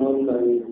wannan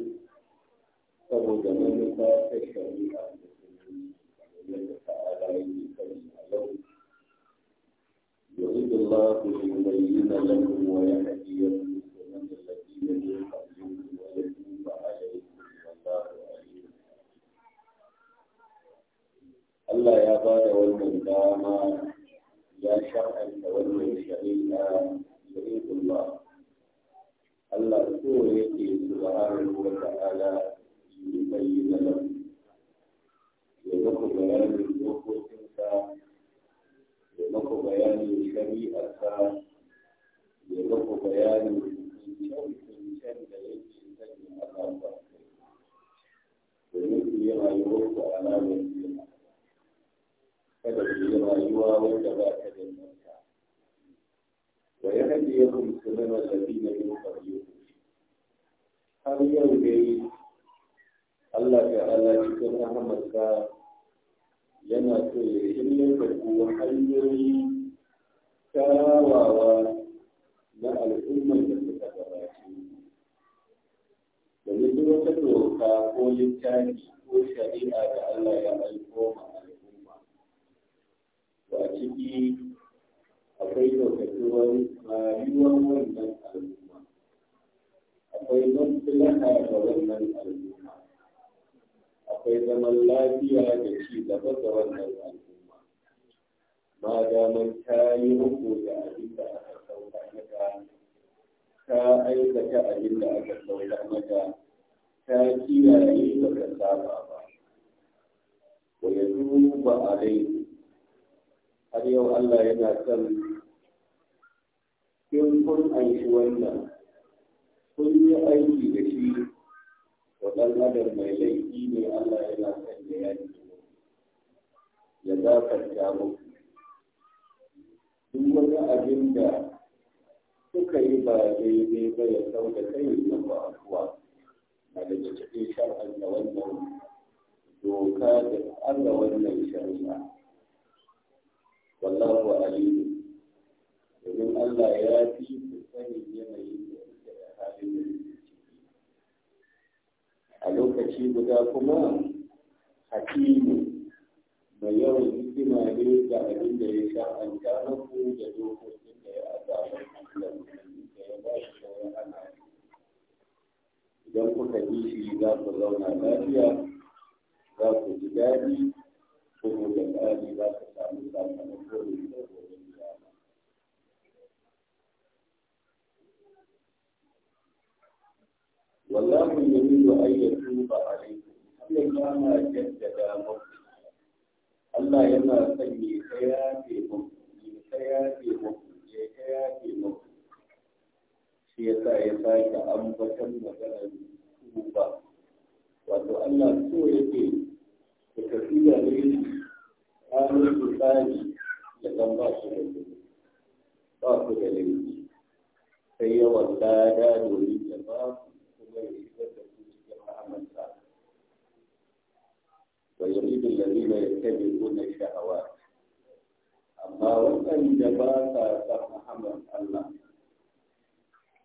da dokokin da ya azaba da musulmi da ya ba shi sauran ana idan kuka yi shi za ku zauna lafiya sake ambatan maganar su ba wato Allah so yake da tafi da ne ranar su tsari da zan ba shi da su ba ku da laifi sai yawan lada domin da ba ku kuma ya shigar da su cikin rahamarsa wa yuridu allazina yattabi'una shahawat amma waɗanda ba sa san Muhammad Allah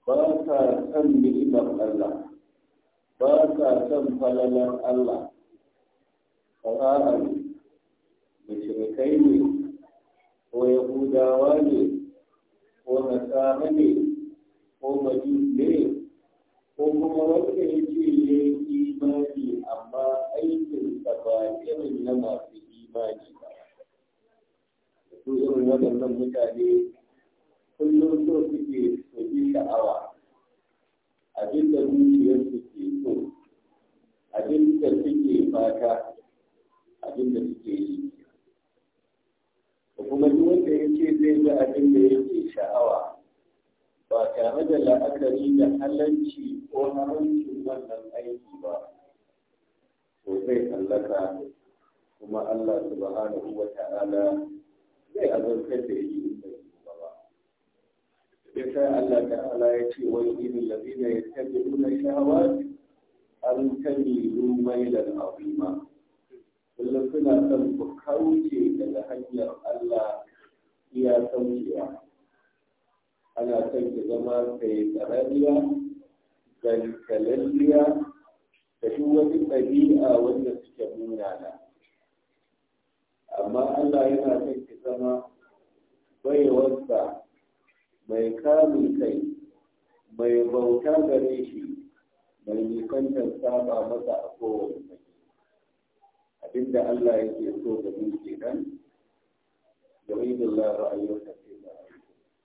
ba ka san ni'imar Allah ba ka san falalar Allah a'a ne mashirikai ne ko yahudawa ne ko nasara ne ko majus ne ko kuma wanda ya ce ya yi imani amma aikinsa ba irin na masu imani ba su irin waɗannan mutane kullum so suke su yi sha'awa abin da zuciyar su ke so abin da suke fata abin da suke yi kuma duk wanda ya ce zai ga abin da yake sha'awa ba tare da la'akari da halanci ko harancin wannan aiki ba to zai hallaka kuma Allah subhanahu wa ta'ala zai azurkar da yi yasa Allah ta'ala ya ce wani irin lazina ya tabi nuna shawar an tabi lumailan azima kullum suna son ku kauce daga hanyar Allah iya kaucewa ana son ki zama kai tsarariya gankalalliya da duk wani ɗabi'a wanda suke na amma Allah yana son ki zama baiwarsa mai kami kai mai bauta gare shi mai nisantar saba masa a kowane mai abinda Allah ya yake so da mu ke nan da wajen lara ayyuka ce ba.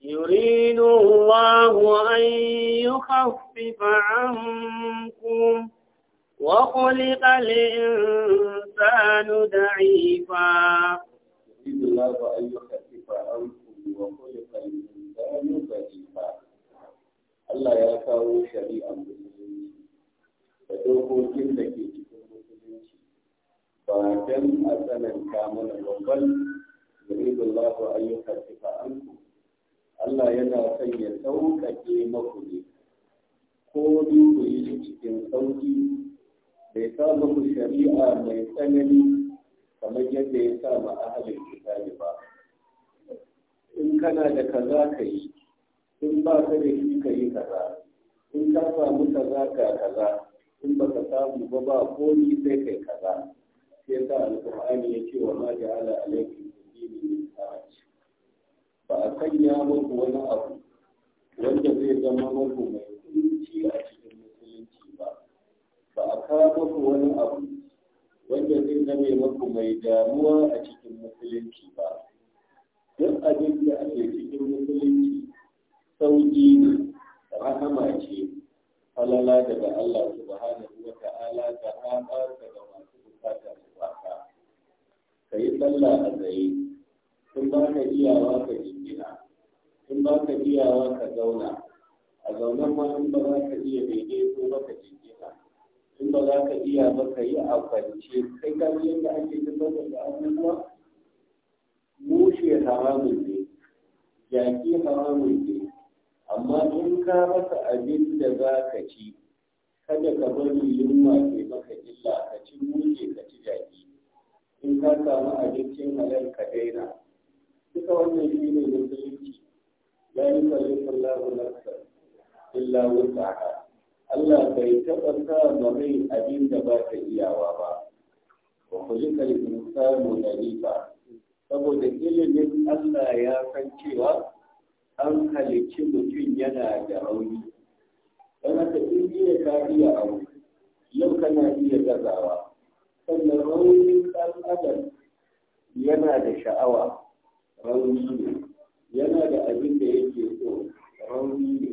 Yurinu Allahu an yi khafifa ankum وخلق da ضعيفا. الله Allah ya kawo shari'a musulunci da dokokin da ke cikin musulunci ba dan a tsananta mana babban yuridun lafi ayyukan cika anku Allah yana son ya sauƙaƙe maku ne ko ni ku yi cikin sauƙi bai sa muku shari'a mai tsanani kamar yadda ya sa ma ahalin kitabi ba in kana da kaza ka yi in ba ka da shi ka yi kaza in ka samu kaza ka kaza in ba ka samu ba ba komi sai kai kaza sai ta alƙur'ani ya ce wa ma ala alaikum dini ba a sanya muku wani abu wanda zai zama muku mai kunci a cikin musulunci ba ba a kawo muku wani abu wanda zai zama muku mai damuwa a cikin musulunci ba duk abin da ake cikin musulunci sauki ne rahama ce falala daga Allah subhanahu wa ta'ala ga haɓarsa ga masu bukata su baka ka yi sallah a tsaye tun ba ka iyawa ka jingina tun ba ka iyawa ka zauna a zaunan ma ba za ka iya daidaito ba ka jingina sun ba za ka iya ba ka yi a kwance kai ka ji yadda ake tabbatar da abubuwa mushe haramun ne jaki haramun ne amma in ka masa abin da za ka ci kada ka bari yunwa ke maka illa ka ci muke ka ci jaki in ka samu abincin halal ka daina duka wannan shi ne musulunci la yukallifu Allahu nafsan illa wus'aha Allah bai taɓa sa ma mai abin da ba ta iyawa ba Ba ku wa kulika al-insanu ba saboda ilimin Allah ya san cewa an halicci mutum yana da rauni don haka in jiya ka iya abu yau kana iya gazawa sannan raunin ɗan adam yana da sha'awa rauni ne yana da abin da yake so rauni ne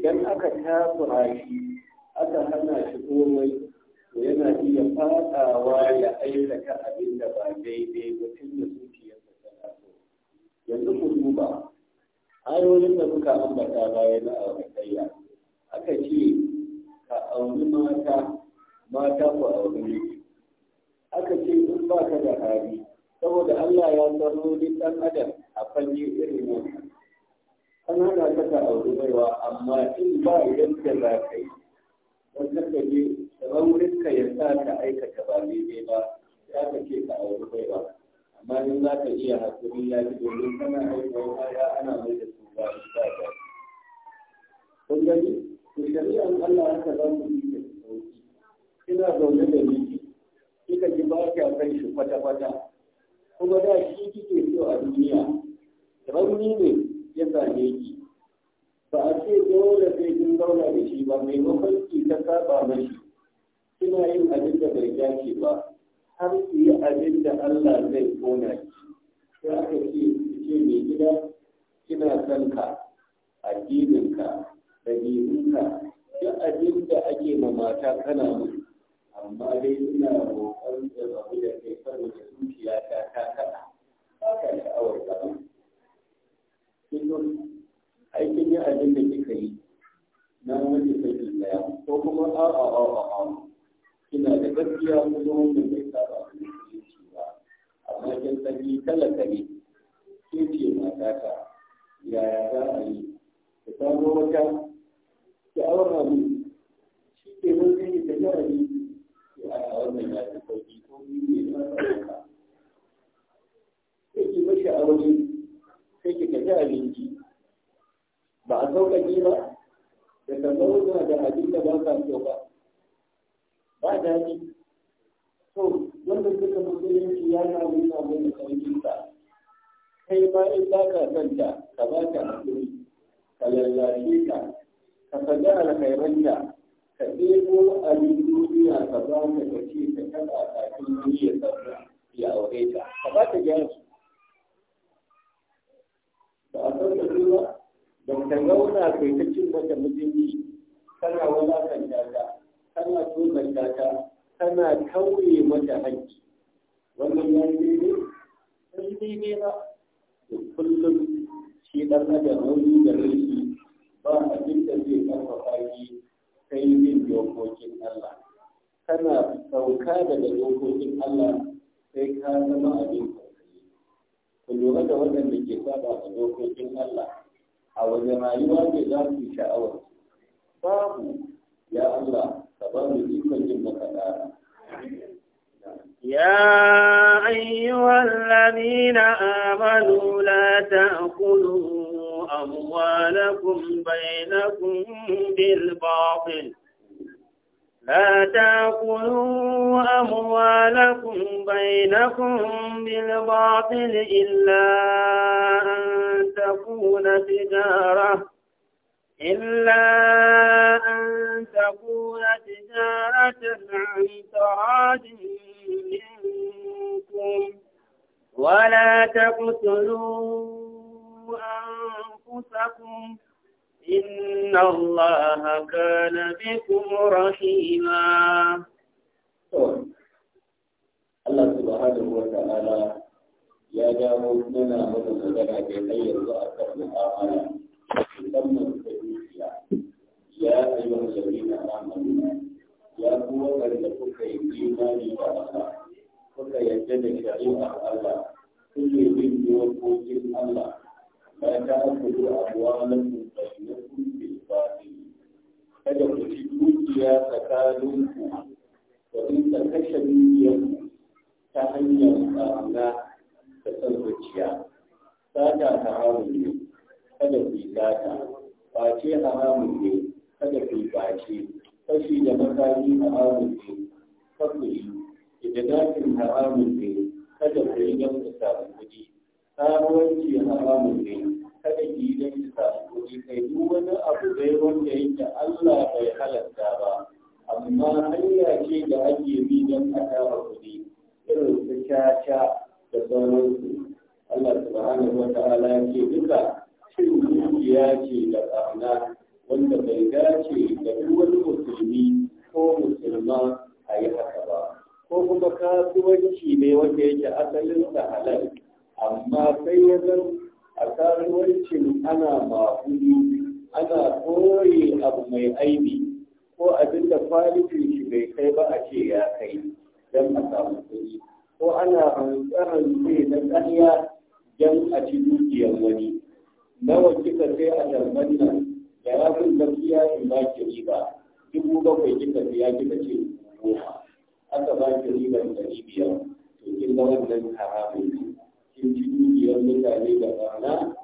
idan aka takura shi aka hana shi komai to yana iya fadawa ya aikata abin da ba daidai ba tun da zuciyarsa tana so yanzu ku duba ayoyin da muka ambata baya na auratayya aka ce ka auri mata mata ku auri miji aka ce in ba ka da hali saboda Allah ya tsaro ni dan adam a fanni irin wannan an hana ka ka auri baiwa amma in ba idan za ka yi wanda ka je wurin ka ya sa ka aikata ba daidai ba ya ka ce ka auri baiwa amma in za ka iya hakuri ya ji domin kana aiki ya ana mai da kun gani to Allah haka za mu yi da sauki Kina zaune da ni kika ji ba ka shi kwata kwata kuma da shi kike so a duniya rauni ne ya same ki ba a ce dole sai kin zauna da shi ba mai mafarki ta saba mashi kina yin abin da bai dace ba har ki yi abin da Allah zai kona ki sai ce ce mai gida Kina son ka addininka ɗabi'unka duk abin da ake ma mata kana mu. amma dai ina roƙon da rabu da kai da zuciya ta ta kaɗa ba ka sha'awar ka ba aikin yi abin da kika yi na wani sakin ɗaya. ko kuma a'a a'a a'a kina da gaskiya kuma wannan bai saba shi ba amma kin sani talaka ne ke ce matata yaya za a yi da samu wata da awon abu shi ke wani zai da a abu ya a wannan ya fi sauki ko ni ne na sauka sai ki mashi a wani sai ki kaji abinci ba a sauƙaƙi ba da ka zauna da abin da ba ka so ba ba daɗi to wanda suka musulunci ya samu samun da sauƙinsa kai ma in ba ka son ta ka ba ta hakuri ka lallashe ta ka faɗi alkhairanta ka ɗebo abin duniya ka ba ta ka ce ka taɓa kafin duniya sabra ya aure ta ka ba ta gyara ba a san da ba da ta zauna kai ta cin mata mutunci kana wulakanta ta kana tozanta ta kana kauye mata haƙƙi wannan ya yi daidai? Sai daidai ba. kullum shi ɗan adam nauyi da rashi ba abin da zai ƙarfafa shi sai bin dokokin Allah kana sauka daga dokokin Allah sai ka zama abin tausayi ku lura da waɗanda ke saba da dokokin Allah a wajen rayuwa ne za su sha'awar babu ya Allah ka ba mu ikon jin maka يا أيها الذين آمنوا لا تأكلوا أموالكم بينكم بالباطل لا تأكلوا أموالكم بينكم بالباطل إلا أن تكون تجارة إلا أن تكون تجارة عن تراد منكم ولا تقتلوا أنفسكم إن الله كان بكم رحيما الله سبحانه وتعالى يا جاوب لنا من الزكاة كي يرضى يا أيها الذين آمنوا يا قوة لكم إيماني الله kuka yadda da shari'ar Allah kuke bin dokokin Allah la ta'khudhu amwalakum bainakum bil batil kada ku ci dukiya tsakaninku ta kashe ta hanyar tsarna da san zuciya sata haramun ne kada ku yi sata face haramun ne kada ku yi bace fashi da makami haramun ne kafu yi idadafin haramun ne kada ku yi don ku samu kuɗi karuwanci haramun ne kada ki yi don ki samu kuɗi kai duk wani abu bai wanda yake Allah bai halatta ba amma hanya ce da ake bi don a tara kuɗi irin su caca da sauransu Allah subhanahu wa ta'ala ya ce duka cin dukiya ce da ƙarna wanda bai dace da duk wani musulmi ko musulma a yi haka ba ko kuma kasuwanci ne wanda yake asalin sa halal amma sai ya zan a kasuwancin ana mafuli ana koyi abu mai aibi ko abin da kwalitin shi bai kai ba a ce ya kai don a samu kuɗi ko ana rantsa ne na ƙarya don a ci dukiyar wani nawa kika sai a tarbar nan da ya fi gaskiya in ba ki riba dubu bakwai kika biya kika ce goma aka ba ki ribar ɗari biyar to kin ga wannan haramun ne kin ci dukiyar mutane da rana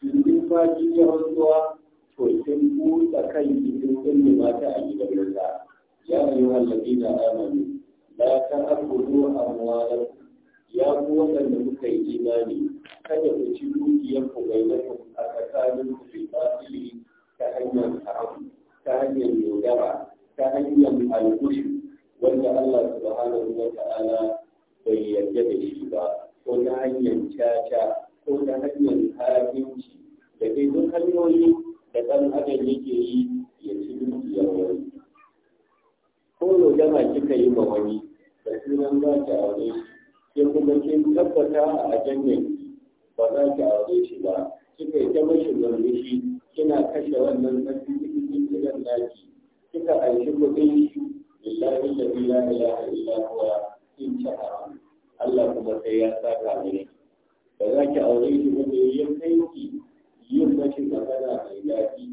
kin yi fashi ya rantsuwa to kin buɗe kan kin kunne mata a gidan wuta ya ayyuhal ladina amanu la ta'khudhu amwalakum ya ku waɗanda kuka yi imani kada ku ci dukiyar ku bai na ku a tsakanin ku bi fasili ta hanyar haram ta hanyar yaudara ta hanyar alkushi wanda Allah subhanahu wa ta'ala bai yarda da shi ba ko ta hanyar caca ko ta hanyar harafinci da kai duk hanyoyi da ɗan adam yake yi ya ci dukiyar wani ko yaudara kika yi ma wani da sunan za ki aure shi ke kuma kin tabbata a ajandar ba za ki aure shi ba kika yi ta mashi murmushi kina kashe wannan sarki cikin gidan naki kika aiki kuɗin shi lillahi da la ilaha illa huwa in shahara Allah kuma sai ya saka ne da za ki aure shi ba ne ya kai ki yin mashi magana mai daɗi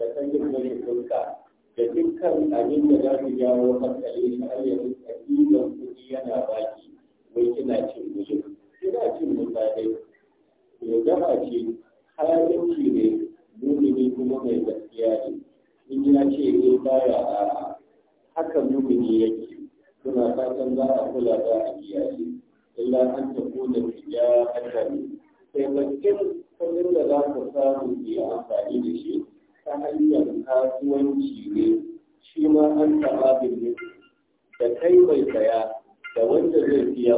da sanin mashi fuska da dukkan abin da za su jawo hankali shi har yanzu a ƙasidan kuɗi yana baki wai kina cin mutum? kina cin mutane? dai. Yau gama ce, halin ne mumini kuma mai gaskiya ne in ya ce ne baya a haka mumini yake suna fatan za a kula da a kiyaye illa an ta kula ya haka ne sai kudin da za ka samu ke amfani da shi ta hanyar kasuwanci ne shi ma an taɓa birnin da kai mai saya da wanda zai siya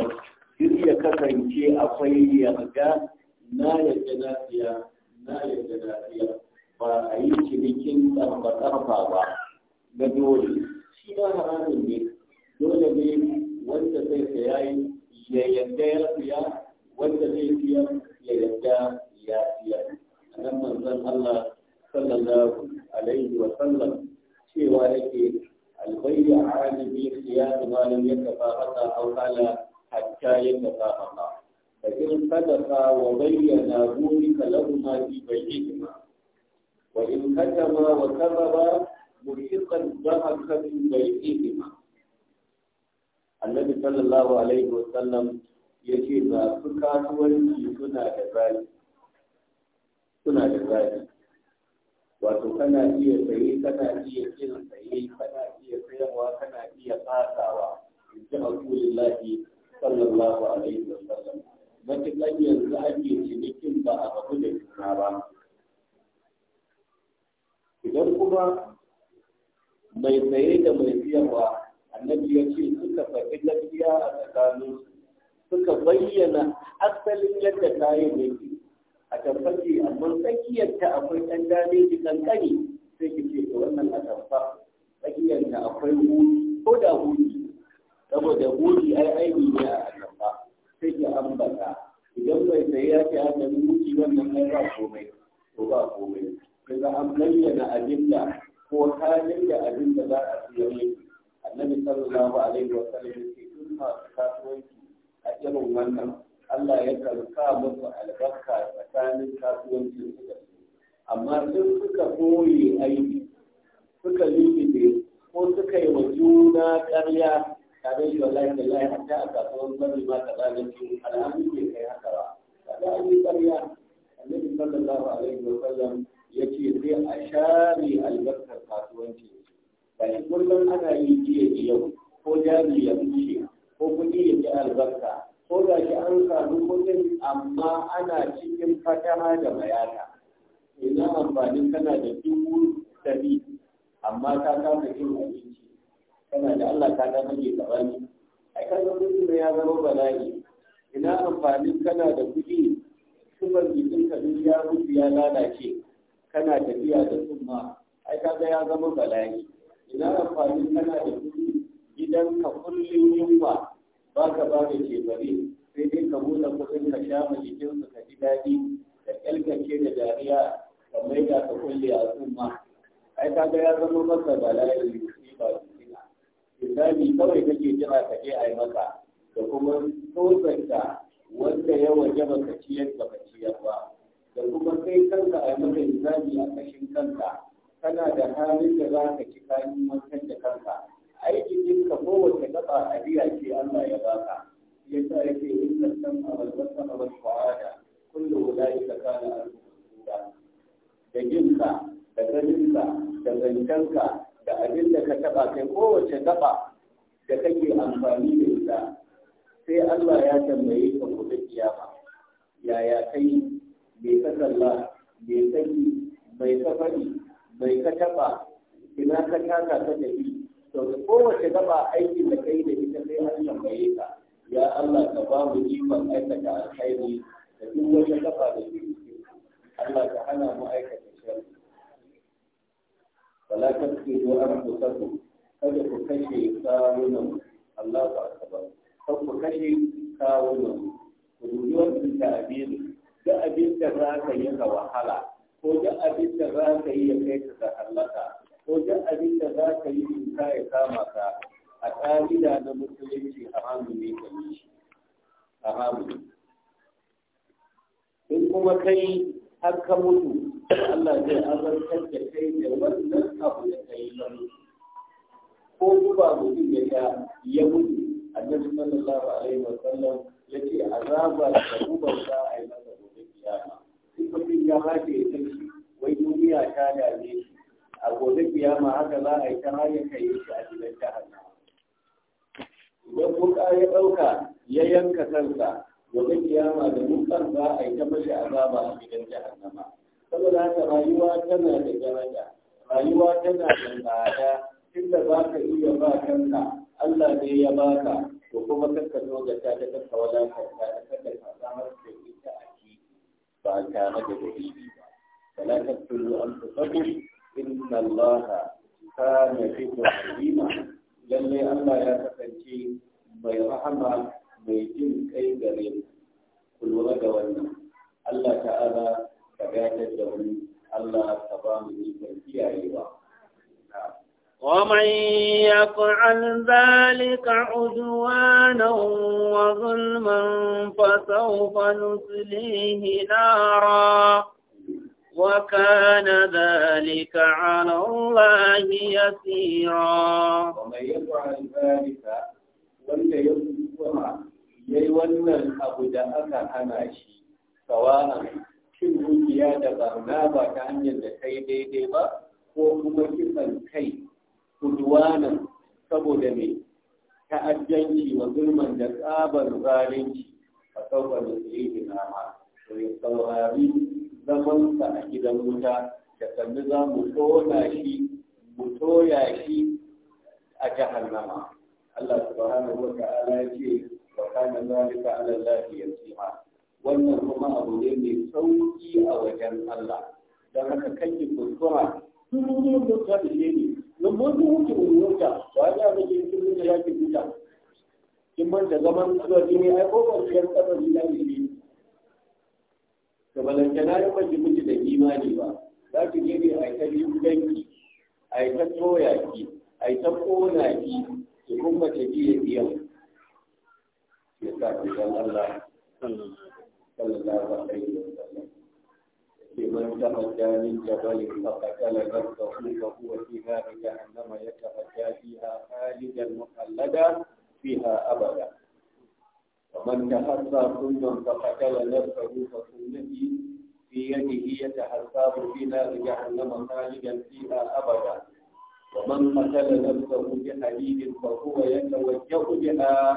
duk ya kasance akwai yarda na yadda na siya na yadda lafiya ba a yi cinikin tsarfa ba na dole shi na haramun ne dole ne wanda zai saya ya yadda ya siya wanda zai siya ya yadda ya siya a nan manzon Allah sallallahu alaihi wa sallam cewa yake albayya alibi siyasa malam ya kafa haka au kala hatta ya kafa haka فإن صدقا وبينا ذلك لهما في بينهما وإن كتما وكذبا ملحقا ضحكا في بينهما النبي صلى الله عليه وسلم yace ba su kasuwanci suna da zafi suna da wato kana iya tsaye, kana iya cin tsaye, kana iya sayarwa kana iya fasawa in ji alhamdulillahi sallallahu alaihi idan kuma mai tsaye da mai siyarwa annabi ya ce suka faɗi gaskiya a tsakaninsu suka bayyana asalin yadda kayan yake a tabbaci amma tsakiyarta akwai ɗan dameji kankani sai ki ce da wannan a tabba tsakiyarta akwai huri ko da huri saboda huri ai aini ne a tabba sai ki ambata idan mai tsaye ya ce haka huri wannan ai ba komai ko ba komai kaga an bayyana abin da ko halin da abin da za a siyar ne annabi sallallahu alaihi wa sallam yake duk masu kasuwanci a irin wannan Allah ya karka albarka tsakanin kasuwancin su da su amma in suka koyi aiki suka lulluɓe ko suka yi wa juna ƙarya tare da wallahi da lai a kasuwar bari kai haka ba ya ce sai a share albarkar kasuwanci ba shi kullum ana yi jiya yau ko jami ya fice ko kuɗi ya ji albarka ko da shi an samu kuɗin amma ana cikin fatara da bayana ina amfanin kana da dubu dari amma ka kasa cin abinci kana da Allah ka ga kake tsabani ai ka mutum ya zama bala'i ina amfanin kana da kuɗi sufar jikin ka ya mutu ya lalace kana tafiya da tsumma ai kaga ya zama bala'i ina amfani kana da kuɗi ka kullum yunwa ba ka ba da shebare sai dai ka buɗe kuɗin ka sha ma jikinsu ka ji daɗi ka ƙyalkace da dariya ka maida ka kulle a tsumma ai kaga ya zama masa bala'i shi ba fitina misali kawai kake jira ka je a maka da kuma tozanta wanda ya waje baka ciyar baka ciyar ba da kuma kai kanka a maka hisabi a kashin kanka kana da halin da za ka ci kayan wankan da kanka aikin jinka kowace gaba a biya ce Allah ya baka yasa yake inna sam abal wasa abal shu'ada kullu ulaika kana al-masuda da jinka da ka, da ka, da abin da ka taba kai kowace gaba da kake amfani da ita sai Allah ya tambaye ka gobe kiyama yaya kai mai ka kalla mai yi, bai ka fari bai ka taba ina ka taka ka tafi to da kowace gaba aikin da kai da ita sai an tambaye ka ya Allah ka ba mu ikon aikata alkhairi da duk wata gaba da ke cikin Allah ka hana mu aikata sharri wala ku anfusakum kada ku kashe kawunan Allah ba ka ba ku kashe kawunan ku dubi wannan ta'abiri da abin da za ka yi ga wahala ko da abin da za ka yi ya kai ka ga hallaka ko da abin da za ka yi ka ya kama ka a ƙa'ida na musulunci a hannu ne ka yi shi a hannu in kuma kai har ka mutu Allah zai azartar da kai da wannan abu da kai na ko kuma mutum ya ga ya mutu annabi sallallahu alaihi wa sallam yace azaba da rubar za a yi kiyama sai mutum ya haka ya tafi wai duniya ta dame shi a gobe kiyama haka za a yi ta har ya kai shi a gidan jahannama idan kuka ya ɗauka ya yanka kansa gobe kiyama da wukan za a yi ta mashi azaba a gidan jahannama saboda haka rayuwa tana da daraja rayuwa tana da tsada tunda ba ka iya ba kanka Allah ne ya baka to kuma kanka zo ga ta ta kanka wala ka ta ta kanka ta har ta ba tare da wuri ba. Wala ta turu an tafi inda Allah ta nafi da halima, Allah ya kasance mai rahama mai jin kai gare ku lura da wannan. Allah ta'ala ka gatar da mu. Allah ta ba mu nufin kiyayewa. ومن يفعل ذلك عدوانا وظلما فسوف نسليه نارا وكان ذلك على الله يسيرا ومن يفعل ذلك wanda ya kuma ya yi wannan abu da aka hana shi sawa'a cin dukiya da barna ba ta hanyar da ta yi daidai ba ko kuma kisan kai kudwana saboda mai ta'addanci wa zulman da tsabar zalunci a saukar da tsaye da nama to ya saurari zamansa a gidan wuta da sannu za mu tona shi mu toya shi a jahannama Allah subhanahu wa ta'ala ya ce wa kana zalika ala Allah yasima wannan kuma abu ne mai sauki a wajen Allah don haka kan ki kuskura duk da shi ne mun wuce wuta ba ya ga kin kin da yake wuta kin man da zaman zuwa ne ai ko ban kiyar kasar da ne to balanta na yi miji miji da imani ba za ki je ne ai ta danki ai ta toya ki ai ta kona ki ki kuma ta ji ya biya ya sa ki Allah sallallahu alaihi wasallam لمن تهدى من جبل فقتل نفسه فهو في نار جهنم يتهدى فيها خالدا مخلدا فيها أبدا ومن تحسى كل فقتل نفسه فسنته في يده يتحساب في نار جهنم خالدا فيها أبدا ومن قتل نفسه بحديد فهو يتوجه بها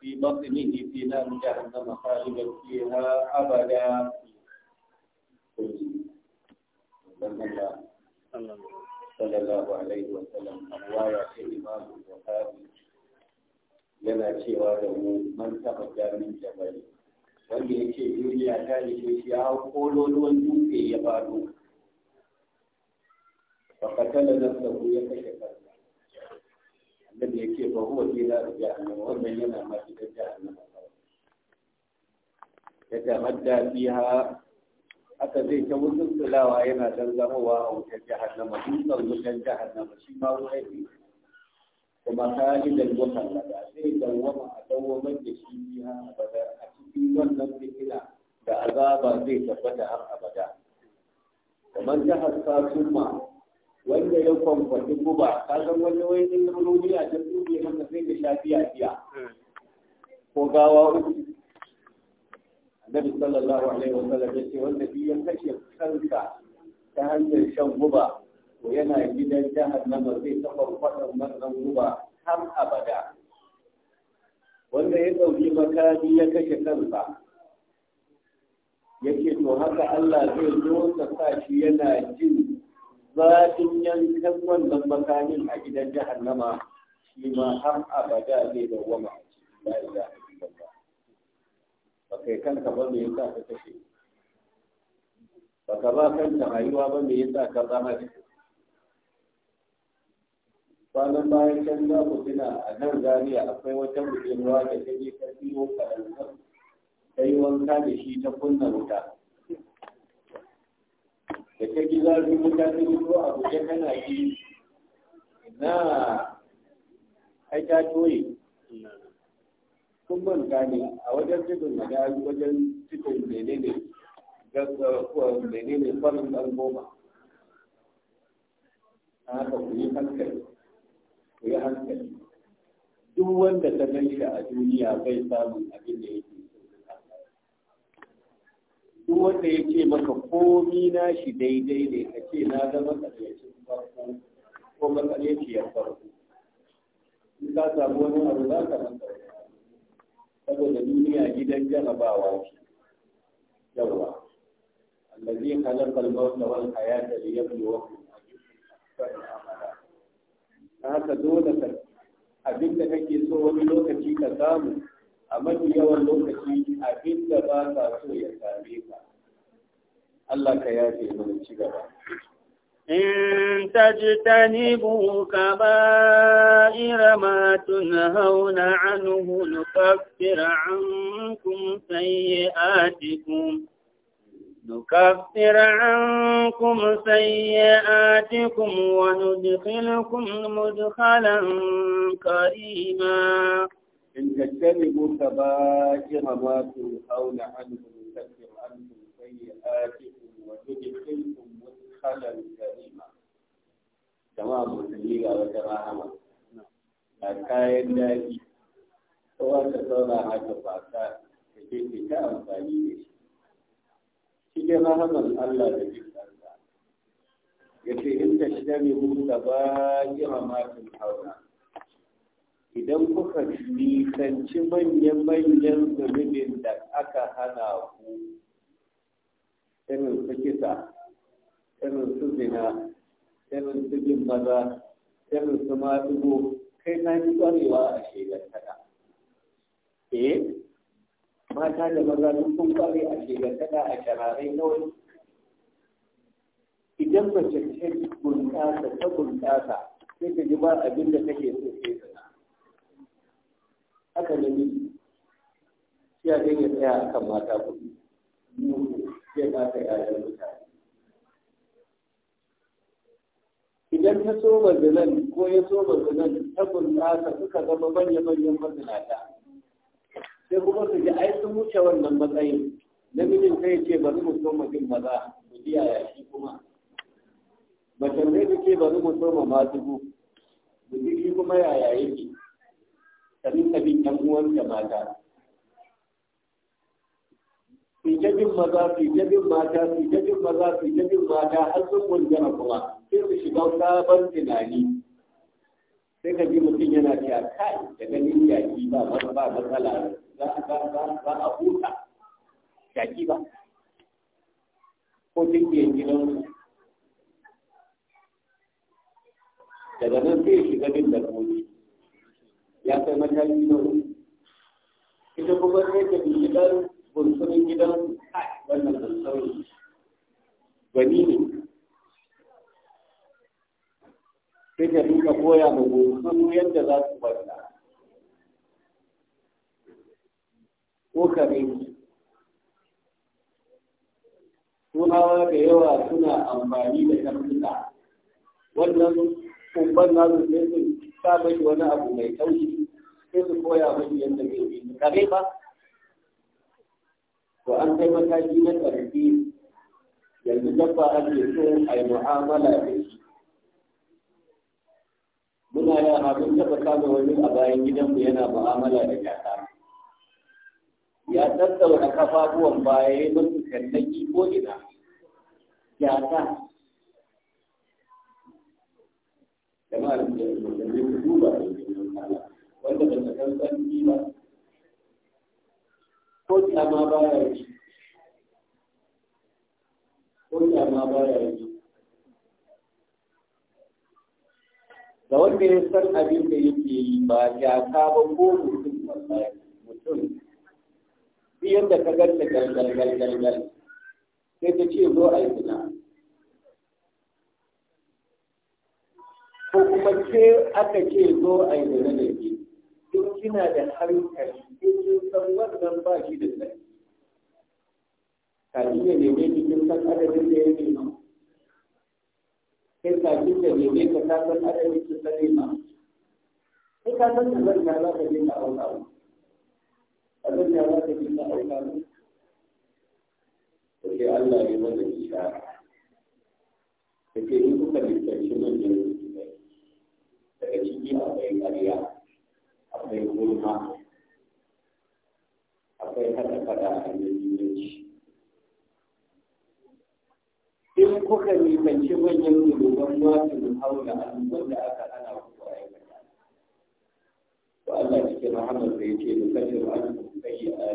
في بطنه في نار جهنم خالدا فيها أبدا رسول الله صلى الله عليه وسلم رواية الإمام البخاري yana cewa da mu man taɓa jamin jabari wanda ya ce duniya ta rike shi ya hau kololuwan dutse ya faɗo fa katala nafsahu ya kashe kansa annabi ya ce ba huwa fi nar jahannam wannan yana ma cikin jahannam ya tamadda fiha haka zai ta wurin tulawa yana zanzarowa a wutar jahannama dutsen wutar jahannama shi ma ruhai ne kuma kalilan watan lada zai dawwama a dawwamar da shi biya abada a cikin wannan fikira da azaba zai tabbata har abada kamar ta haska wanda ya kwamfati guba ka san wani wani rururi a jirgin haka sai da shafi a biya hmm. ko gawa uku Nabi sallallahu alaihi wa sallam ya ce wanda shi ya kashe kansa ta hanyar shan guba to yana gidan jahannama zai taɓa faɗin wannan guba har abada. Wanda ya ɗauki makami ya kashe kansa yake to haka Allah zai dosa sa shi yana jin zafin yankan wannan makamin a gidan jahannama shi ma har abada zai dawo ma. ba kai kanka ba me yasa ka kashe ba ka ba kanka rayuwa ba me yasa ka zama kwanan bayan can za ku tuna a nan zariya akwai wata budurwa da ta je ta siyo karantar ta yi wanka da shi ta kunna wuta da ta ji zafin wuta ta zuwa, a guje tana yi na ai ta toye kun manta ne a wajen cikin yi wajen cikin menene menene kwanan ɗan goma a haka ku yi hankali ku yi hankali duk wanda ta gan shi a duniya bai samun abin da yake duk wanda ya ce maka komi na shi daidai ne ka ce na zama matsalaicin farko ko matsalaiciyar farko in ka samu wani abu za ka manta saboda duniya gidan jarabawa ce yawa allazi khalaqa al-mauta wal hayata liyabluwakum ayyukum amala haka dole ka abin da kake so wani lokaci ka samu a mafi yawan lokaci abin da ba ka so ya same ka Allah ka yafe mana ci gaba إن تجتنبوا كبائر ما تنهون عنه نكفر عنكم سيئاتكم نكفر عنكم سيئاتكم وندخلكم مدخلا كريما إن تجتنبوا كبائر ما تنهون عنه نكفر عنكم سيئاتكم وندخلكم خلل كريما جماعة مسلمين على كراهما لا كاين داكي kowa ta zauna haka ba ta ta ke ke ta amfani da shi shi ne rahamar Allah da jikinsa ya shi idan kuka nisanci manya-manyan zunubin da aka hana ku irin su kisa irin su zina irin su bin maza irin su maɗugo kai na yi ƙwarewa a shegar taɗa eh mata da maza duk sun ƙware a shegar taɗa a shararai nawa idan mace ta bunƙasa ta bunƙasa sai ta ji ba abin da take so sai na haka ni shi a ya tsaya akan mata kuɗi zai ba ta yayan mutane idan ta so mazinan ko ya so mazinan ta bunƙasa suka zama manya-manyan mazinata sai kuma su ji ai sun wuce wannan matsayin namijin sai ce bari mu so mutum maza mu biya shi kuma mace sai ta ce bari mu so ma masu mu ji kuma yaya yake sanin rinka bin uwan uwanta mata fi bin maza fi bin mata fi bin maza fi bin mata har sun wanda a kuma sai su shiga sabon tunani sai ka ji mutum yana cewa kai da ganin jaki ba ba matsala za a huta jaki ba ko cikin gidan daga nan sai ya shiga bin dabbobi ya kai mataki na uku ita kuma sai ta bi gidan bunsurin gidan kai wannan bunsurin gwani ne sai ka duka koya ma gurkunu yadda za su barna ko kare tunawa da yawa suna amfani da karfuka wannan kumban nasu sai su sa mai wani abu mai taushi sai su koya mai yadda zai yi kare ba to an kai mataki na karfi yanzu dabba ake so a yi mu'amala da muna yara abin taɓa kama wani a bayan gidanmu yana mu'amala da jaka ya tattauna kafafuwan baya ya musu kallaki ko ina jaka jama'ar da musulmi ku duba da yin wanda ba ta kan sanni ba ko ta ma baya yi ko ta ma baya yi ga wanda ya san abin da yake yi ba jaka ba ko mutum wallahi mutum duk yadda ka ta galgal galgal gal sai ta ce zo a yi zina ko kuma ce aka ce zo a yi zina da ke duk kina da hankali in kin san wannan ba shi da tsari kafin ya neme ki kin san adadin da ya nema kai kafin da neme ka ta san adadin su ta nema sai ka san da zan ka za ka je ka auka mu a zan ka za ka je ka auka mu sai Allah ya mana ishara take in kuka lissanci manyan rukunai daga ciki akwai ƙarya akwai gulma akwai haɗa faɗa a yanzu in kuka nisanci manyan zunuban masu haula abubuwan da aka hana ku aikata to Allah cikin rahamar da yake da kashin alku kai a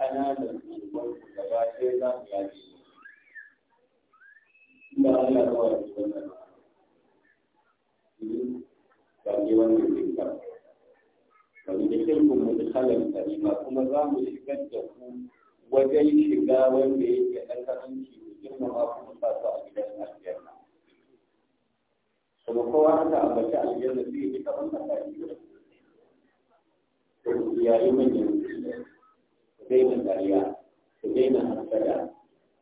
kananan zunuban ku gaba ɗaya za mu yaje da Allah ya wani wannan ba ne wannan Ba wani da kirkun mutakalar karima kuma za mu shigar da ku wajen shiga wanda yake ɗan karanci kuma sa a kowa aka zai yi na ya yi manyan ku daina ku daina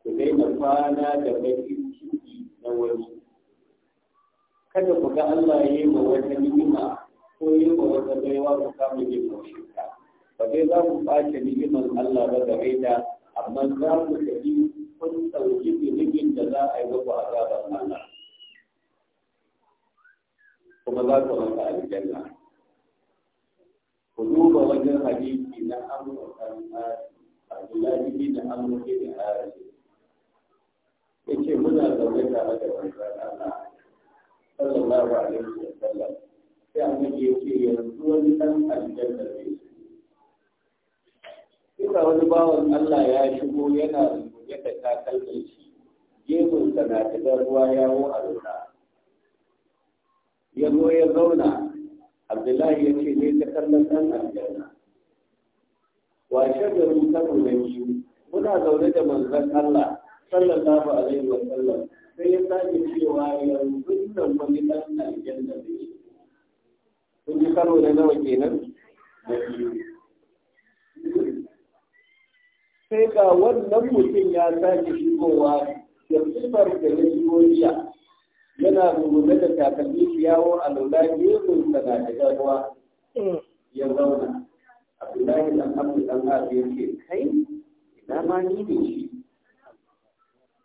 ku daina kwana da baƙin na kada ku ga Allah ya yi ma ni'ima ko yi ma wata baiwa ku kama ba zai za ku ɓace ni'imar Allah ba gare amma za ku tafi kun ɗauki zunubin da za a yi muku azabar Allah kuma za ku raka rasa aljanna ku duba wajen hadisi na amur kan Abdullahi bin da bin Ya ce muna zaune tare da manzon Allah sallallahu alaihi wa sallam sai annabi yace yanzu wani dan aljanna ne Ina wani bawan Allah ya shigo yana ya da takalmin shi gemun sa na cikin ruwa yawo a lura ya zo ya zauna abdullahi ya ce ne ta kallon ɗan aljanna washe garin karo na biyu muna zaune da manzon allah sallallahu alaihi wa sallam sai ya sake cewa yanzu nan wani ɗan aljanna ne kun ji karo da nawa kenan na biyu sai ga wannan mutum ya sake shigowa da sifar da na jiya yana rubuta da takalmi yawo a lula gefen da na da gaggawa ya zauna abdullahi dan abu dan abu ya ce kai ina ma ni ne shi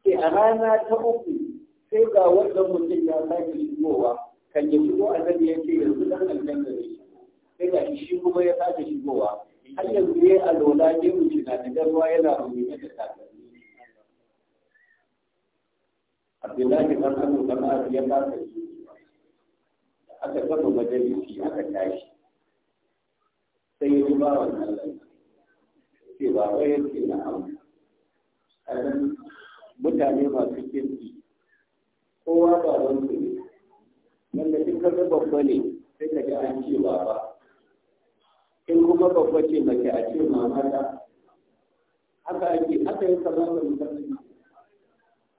ke a rana ta uku sai ga wannan mutum ya sake shigowa kan ya shigo annabi ya ce yanzu dan aljanna ne sai ga shi kuma ya sake shigowa har yanzu ya a lola gemu ce na da ruwa yana rubuce da takalmi abdullahi dan hannu dan abu ya ba ta da aka gama majalisi aka tashi sai ya ji ba wannan sai ba wai yake na abu mutane masu kirki kowa ba wani ne wanda duk kaga babba ne sai ka ji an ce ba ba in kuma babba ce mace a ce mamata haka ake haka yi kamar da mutum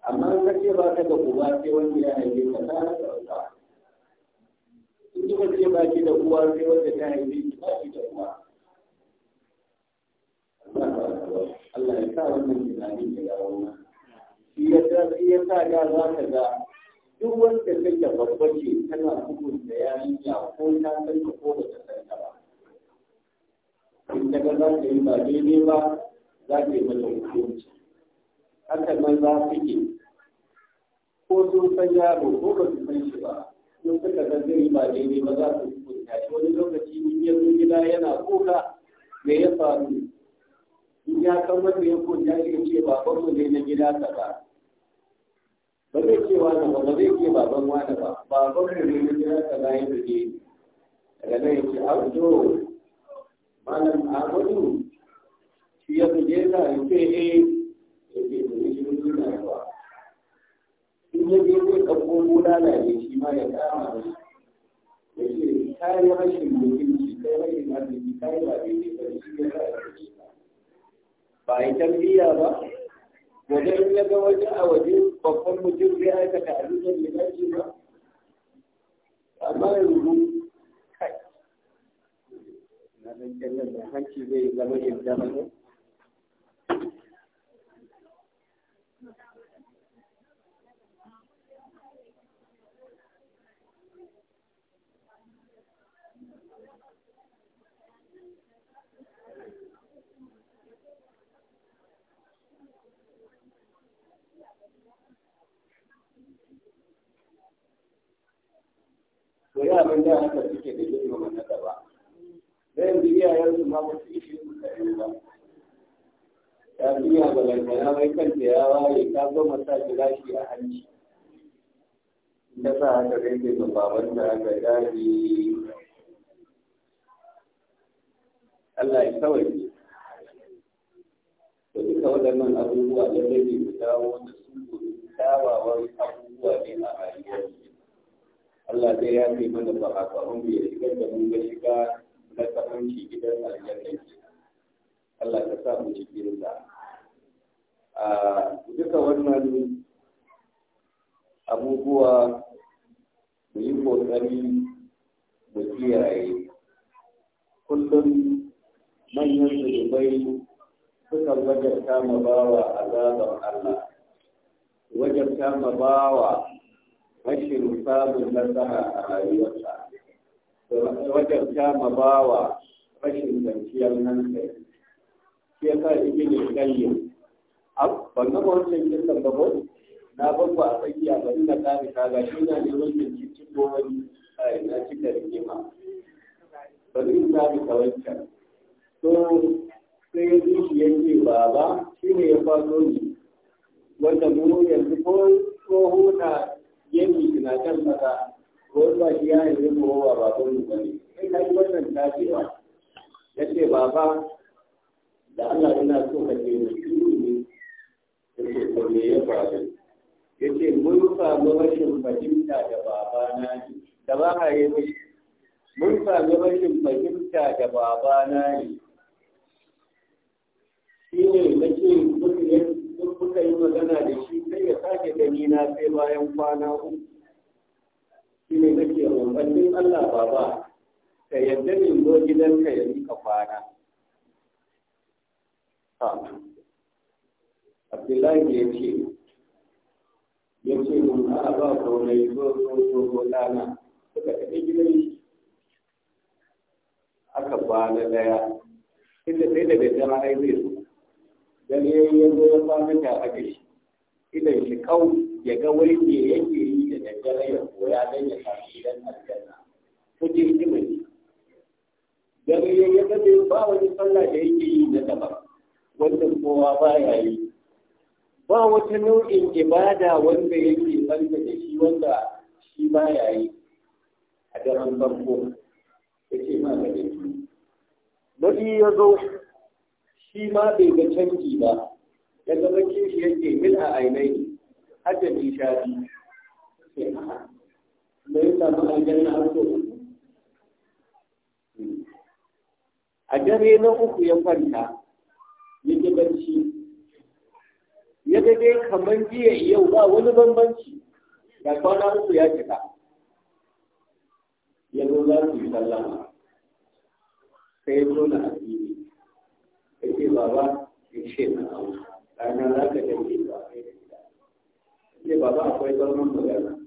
amma in ka ce ba ka da uba sai wanda ya haife ka ta rasa ba. in kuma ce ba ki da uwa sai wanda ta haife ki ba ki da uwa Allah ya sa wannan tunanin ya dawo mana shi ya sa shi ya sa za ka ga duk wanda take babba ce tana hukunta yarinya ko ta san ko ba ta san in ta ga za ta yi ba daidai ba za ta yi mata hukunci haka nan za su ke ko sun san yaro ko ba su san shi ba sun suka ga zai yi ba daidai ba za su hukunta shi wani lokaci in ya zo gida yana kuka me ya faru in ya san wanda ya kunta shi ce babanmu ne na gida ka ba Ba zai ce wani ba ba zai ce baban wani ba baban mu ne na gida ka ba ya buge daga nan ya ce auto malam ahmadu shi ya fi jeza ya ce eh ya ce da ya shirin suna yawa in ya je zai ɗauko bulala ya shi ma ya kama da shi ya ce kayi rashin shi kai rashin arziki kayi ba daidai ba shi ya sa ya ce ba a yi tarbiyya ba wajen ya ga wajen a waje babban mutum zai aikata abin da ya dace ba amma yanzu na ɗan kyallon da hanci zai zama ne to yaran da aka suke da sai yanzu iyayensu su ya fi ya kanta ya waye ta gilashi a sa ke da Allah ya kawai to duka waɗannan abubuwa da abubuwa ne a Allah zai yafe mana ba a karon shigar da mun ga shiga kai shi gidan aljanna Allah ka sa mu cikin sa a duka wannan abubuwa mu yi kokari mu kiyaye kullum manyan zunubai suka wajabta ma bawa azabar Allah wajabta ma bawa rashin samun nasara a rayuwarsa da wajen kama bawa rashin zanciyar nan kai shi ya sa ibi ne ganyen ban gama wancan kisan ba na ban ba a tsakiya ba ina tsari ta ga shi na neman yanki cikin wani tsari na cika rigima ba zai tsari ta wancan to sai ya ji shi ya ce baba shi ne ya faso ni wanda mu yanzu ko tsoho na yanki na can maza ko ba shi ya yi mu ba ba ko mu bane sai kai wannan tafiya yace baba da Allah yana so ka ce mu shi ne yace ko me ya faru yace mun samu rashin fahimta da baba na da ba ka yi mishi mun samu rashin fahimta da baba na ne shi ne nake muka yi magana da shi sai ya sake gani na sai bayan kwana uku shi ne kake roƙon Allah baba ka yadda min zo ka ya mika kwana Abdullahi ya ce ya ce mun a ba mai zo zo zo zo dana suka tafi gidan shi aka kwana daya inda sai da bai zama ai zai zo dan yayin yanzu ya kwana ta a gashi idan shi kau ya ga wani ke yake yi daddare ya koya don ya samu gidan aljanna kuɗi hikima ne daga ya kace ba wani sallah da yake yi na daban wannan kowa ba ya yi ba wata nau'in ibada wanda yake banta da shi wanda shi ba ya yi a daren farko ya ce ma ga dai na ya zo shi ma bai ga canji ba ya zama kishi yake mil a ainihi hajjar nishadi samu a dare na uku ya kwanta ya ji banci ya ga kamar jiya yau ba wani bambanci da kwana uku ya cika ya zo za su yi sallama sai zo na asiri ya ce baba ya ce na hau rana za ka tafi ba ya ce baba akwai zaman magana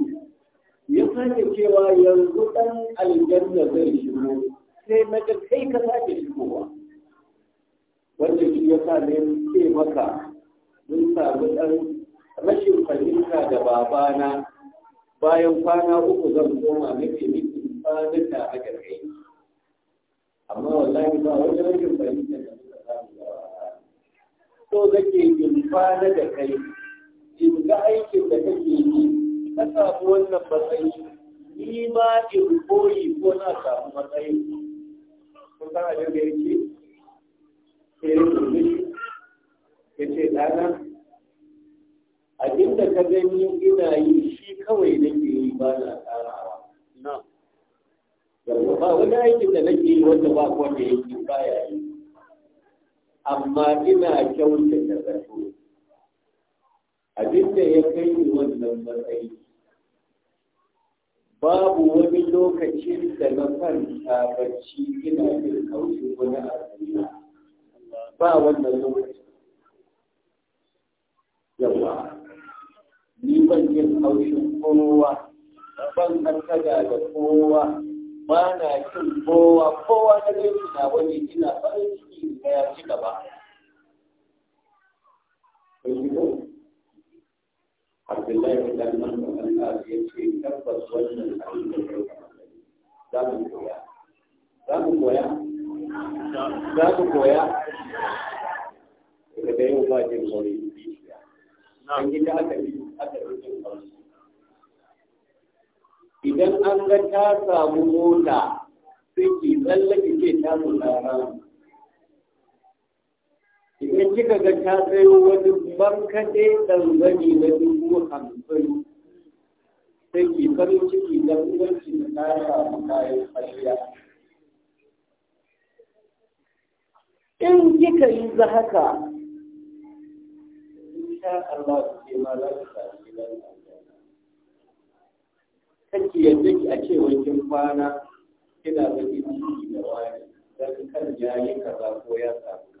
ya sake cewa yanzu ɗan aljanna zai shigo sai na kai ka sake shigowa wanda shi ya sa ne ce maka mun samu ɗan rashin fahimta da babana bayan kwana uku zan koma nake miki ba na tare da kai amma wallahi ba wani rashin fahimta da muka samu da so zake in kwana da kai in ga aikin da kake yi ka samu wannan matsayi ni ma in koyi ko na samu matsayi kun san abin da yake sai ya tuni ya ce ɗana abin da ka gani ina yi shi kawai nake yi ba na ƙarawa na yawwa ba wani aikin da nake yi wanda ba wanda yake baya yi amma ina kyautata zato abinda ya kai ni wannan matsayi babu wani lokacin da na kwanta bacci ina jin kaushin wani abu ba wannan lokacin yawa ni ban jin kaushin kowa ban karkada da kowa ba na cin kowa kowa na gani na wani ina farin ciki na ya ci gaba Abdullahi dan Mas'ud ya ce tabbas wannan abin da ya za koya za mu koya za mu koya daga yau ba jin sauri an gida aka yi idan an ga ta samu mota sai tsallake ce ta da kika ga ta sayo wani bankaɗe ɗangane na dubu hamsin sai ke farin ciki na uwanci da ta samu kayan kwalliya. In kika yi za haka, insha Allah ce ma za ka sami gidan Kake yadda ki a ce wajen kwana kina baƙin ciki da wani, don kan ya kaza ko ya samu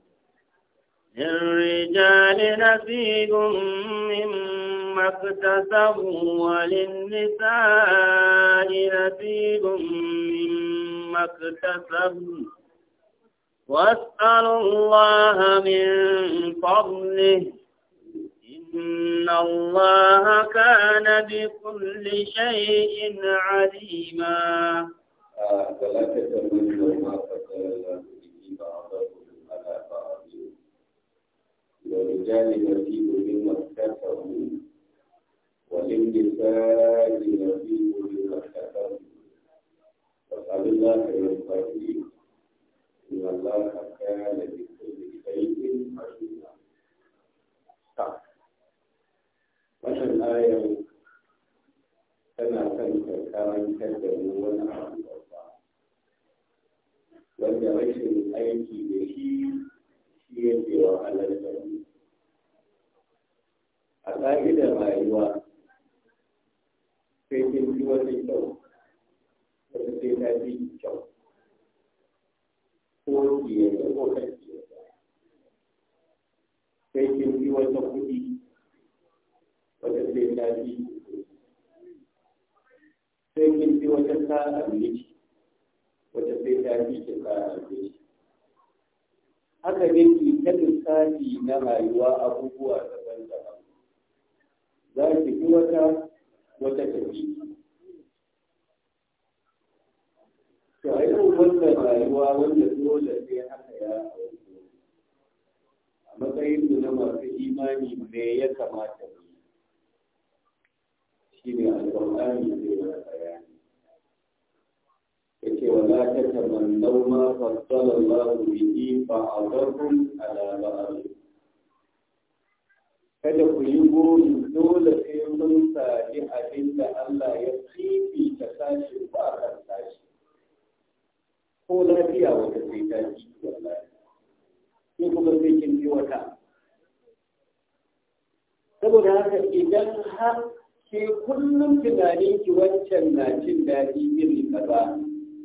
للرجال نصيب مما اكتسبوا وللنساء نصيب مما اكتسبوا واسألوا الله من فضله إن الله كان بكل شيء عليما. آه، ورجال نصيب مما اكتسبوا وللنساء نصيب مما اكتسبوا فقال الله ينبغي إن الله كان بكل شيء عليما wannan ayar tana kan karantar da wani abu babba wanda rashin aiki da shi shi yake wa halartar mu a ƙa'idar rayuwa sai kin ji wani kyau wata sai ta fi kyau ko kiyayya ko kan kiyayya sai kin ji wata kuɗi wata sai ta fi sai kin ji wata sa'ar miki wata sai ta fi ki sa'ar miki haka ne ke ta lissafi na rayuwa abubuwa daban-daban za ki fi wata wata tafi to a yi wannan rayuwa wanda dole sai haka ya auku a matsayin mu na masu imani me ya kamata mu shi ne alƙur'ani zai mana bayani yake wala ta tamannau ma fassala Allah bihi fa adarhum ala ba'd kada ku yi gori dole sai mun sami abin da Allah ya fifi ta sashi ba a kan ko lafiya wata sai ta ji wallahi sai kuma sai kin ji wata saboda haka idan har ke kullum tunanin ki wancan na cin daɗi iri kaza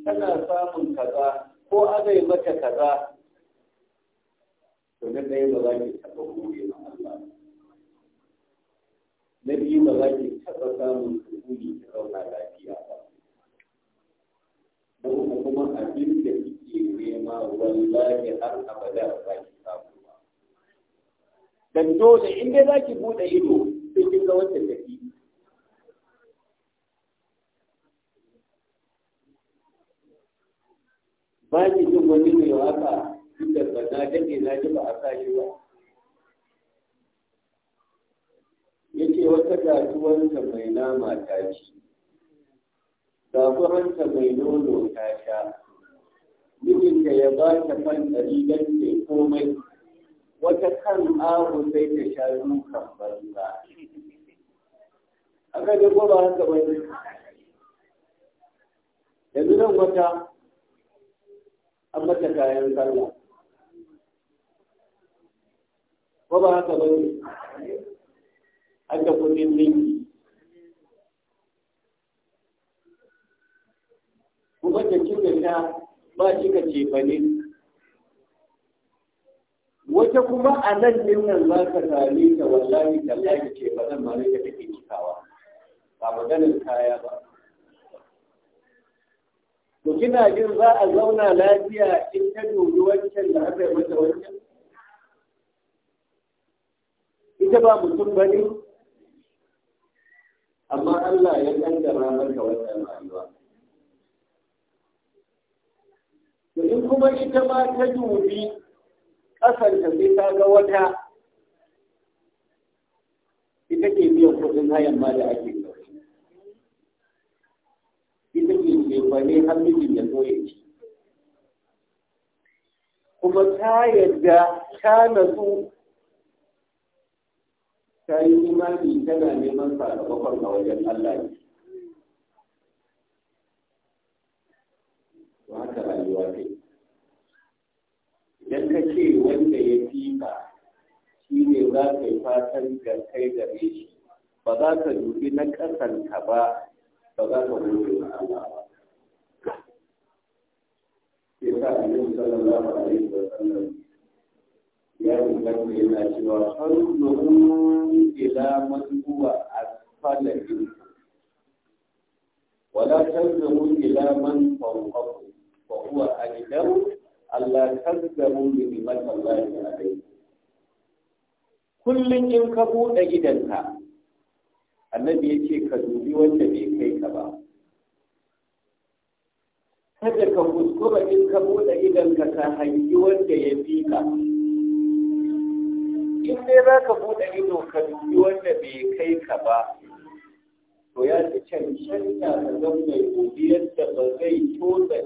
tana samun kaza ko ana yi mata kaza to na ɗaya ba za ki taɓa gobe ba za ki taɓa samun sukuni da zauna lafiya ba. Don kuma abin da kike nema wallahi har abada ba ki samu ba. Dan dole in dai za ki buɗe ido sai kin ga wacce tafi. Ba ki jin wani mai waka duk da ba na daɗe na ji ba a sa shi ba. ce wata gasuwanta mai nama ta ci gasuwanta mai nono ta sha mijinta ya ba ta fantari ɗari don ke komai wata kan ahu sai ta sha dukan banza aka da ko ba haka ba yanzu nan wata an mata kayan sallah ko ba haka ba kashe kudin linki kuma da kika ta, ba kika cefane wata kuma a nan din nan za ka sami ta wallahi tallahi ce ba zan ma nake take cikawa ba maganin kaya ba to kina jin za a zauna lafiya in ta dubi wancan da aka yi mata wancan ita ba mutum ba ne amma Allah ya kaddara maka wannan rayuwa to in kuma ita ma ta dubi kasanta sai ta ga wata ita ke biyan kuɗin hayan ma da ake ɗauki ita ke jefane har mijin ya zo ci kuma ta yadda ta natsu ta yi imani tana neman sakamakon a wajen Allah ne. To ka rayuwa kai. Idan ka ce wanda ya fi ka shi ne za ka yi fatan da kai da shi ba za ka dubi na ƙasanka ba ba za ka gode wa Allah ba. Sai sa Annabi sallallahu alaihi wa sallam ya rubuta yana cewa farnuhun ila wala man kullum in ka buɗe gidanka annabi ya ce ka dubi wanda bai kai ka ba kada ka kuskura in ka buɗe gidanka ka hangi wanda ya fi ka in dai za ka buɗe ido ka dubi wanda bai kai ka ba to ya ci cancanta ka zan mai godiyar da ba zai tozanta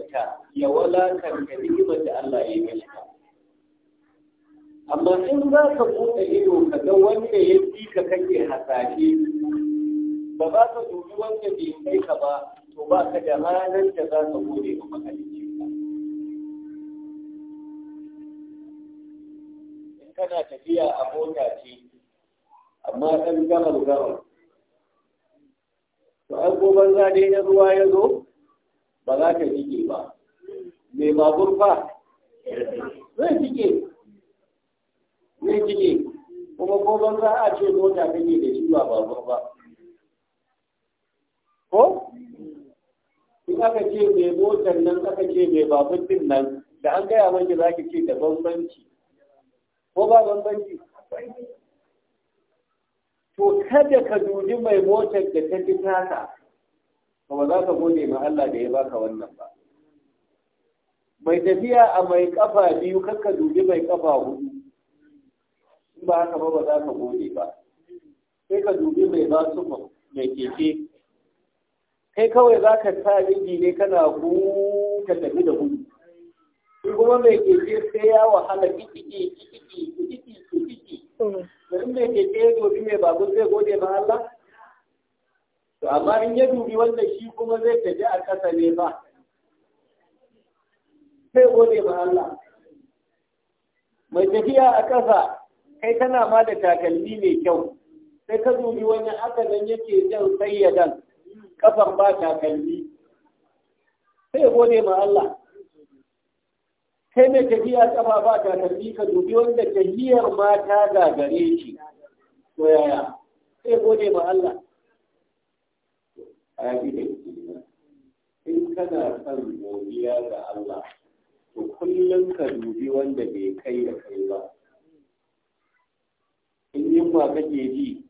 ya ka ni'imar da Allah ya yi ka. amma in za ka buɗe ido ka ga wanda ya fi ka kake hasashe ba za ka dubi wanda bai kai ka ba to ba ka da ranar da za ka gode ka mahalicci kana tafiya a mota ce amma ɗan gamal gamal to an goban za dai na ruwa ya zo ba za ka jike ba mai babur fa zai jike zai jike kuma goban za a ce mota kake da shi ba babur ba ko in aka ce mai motar nan aka ce mai babur din nan da an gaya maki za ki ce da bambanci ko ba bambanci to kada ka dubi mai motar da ta fi taka ba ba za ka gode ma Allah da ya baka wannan ba mai tafiya a mai kafa biyu kakka dubi mai kafa hudu in ba haka ba ba za ka gode ba sai ka dubi mai basu mai keke kai kawai za ka sa rigi ne kana huta tafi da gudu shi kuma mai keke sai ya wahala kitiki kitiki kitiki kitiki garin mm. mai keke ya dobi mai babur zai gode ma Allah to amma in ya dubi wanda shi kuma zai tafi a kasa ne ba zai gode ma Allah mai tafiya a ƙasa kai tana ma da takalmi mai kyau sai ka dubi wani haka nan yake jan sayyadan kafan ba takalmi sai gode ma Allah kai mai tafiya kafa ba ta tafi ka dubi wanda tafiyar mata ga gare shi to yaya sai gode ma Allah a in kana son godiya ga Allah to kullum ka dubi wanda bai kai da kai ba in yunwa kake ji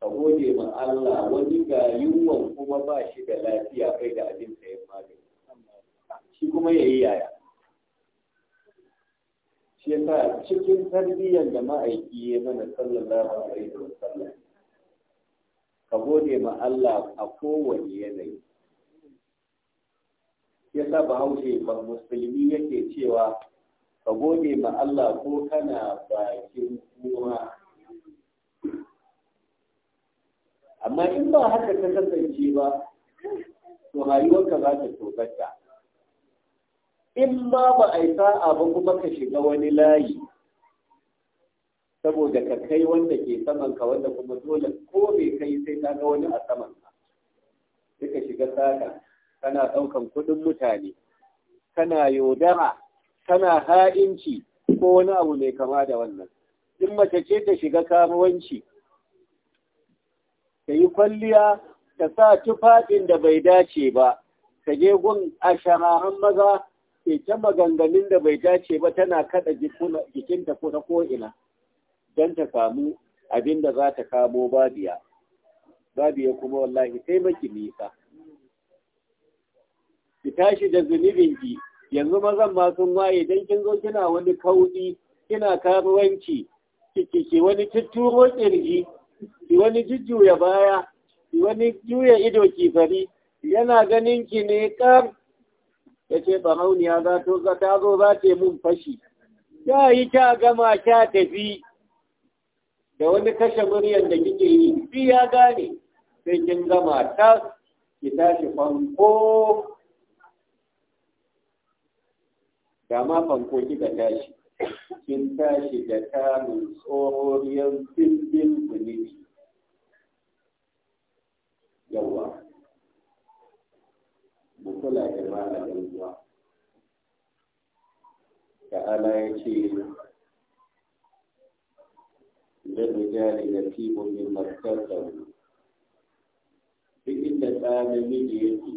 ka gode ma Allah wani ga yunwan kuma ba shi da lafiya kai da abin sayan magani shi kuma ya yi yaya shi yasa cikin tarbiyyar da ma'aiki ya mana sallallahu alaihi wa sallam ka gode ma Allah a kowane yanayi yasa bahaushe ba musulmi yake cewa ka gode ma Allah ko kana bakin kuma amma in ba haka ta kasance ba to rayuwarka za ta tobata in ma ba a yi sa'a ba kuma ka shiga wani layi saboda ka kai wanda ke saman ka wanda kuma dole ko bai kai sai ka ga wani a saman ka shiga saka kana ɗaukan kuɗin mutane kana yodara kana ha'inci ko wani abu mai kama da wannan in mace ce ta shiga karuwanci ta yi kwalliya ta sa tufaɗin da bai dace ba ta je gun a shahararren maza ke ta maganganun da bai dace ba tana kada jikinta ko ta ko'ina don ta samu abin da za ta kamo babiya babiya kuma wallahi sai maki nisa ki tashi da zunubinki yanzu mazan masun waye don kin zo kina wani kauɗi kina karuwanci ki wani tutturo kirji ki wani jujjuya baya ki wani juya ido ki fari yana ganin ki ne kar ya ce barauniya za ta zo za ce mun fashi ya yi ta gama ta tafi da wani kashe muryan da kike yi fi ya gane sai kin gama ta ki tashi fanko da ma fanko kika tashi kin tashi da kamun tsohoriyar filfil zunubi yawa mu kula da malamin ruwa ta'ala ya ce للرجال نصيب مما اكتسبوا duk inda ɗa namiji yake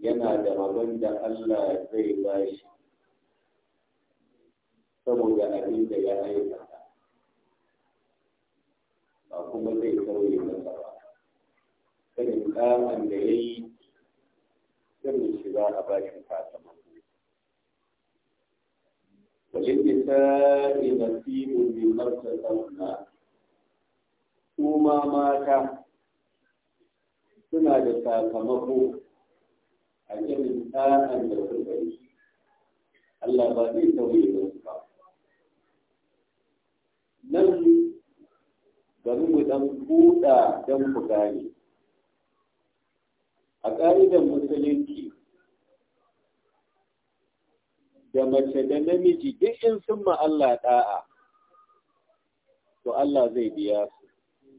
yana da rabon da Allah zai ba shi saboda abin da ya aikata ba kuma zai sauye masa ba sanin ƙaman da ya yi سر سوى أبا شفاعة وللنساء نسيب بمرسى الأولى وما مات سنة سامبو أجل الإنسان أن يكون الله بادي سوي نسبة نل دم دم بودا دم بغاني a ƙa'idar musulunci da mace da namiji duk in sun ma Allah ɗa'a to Allah zai biya su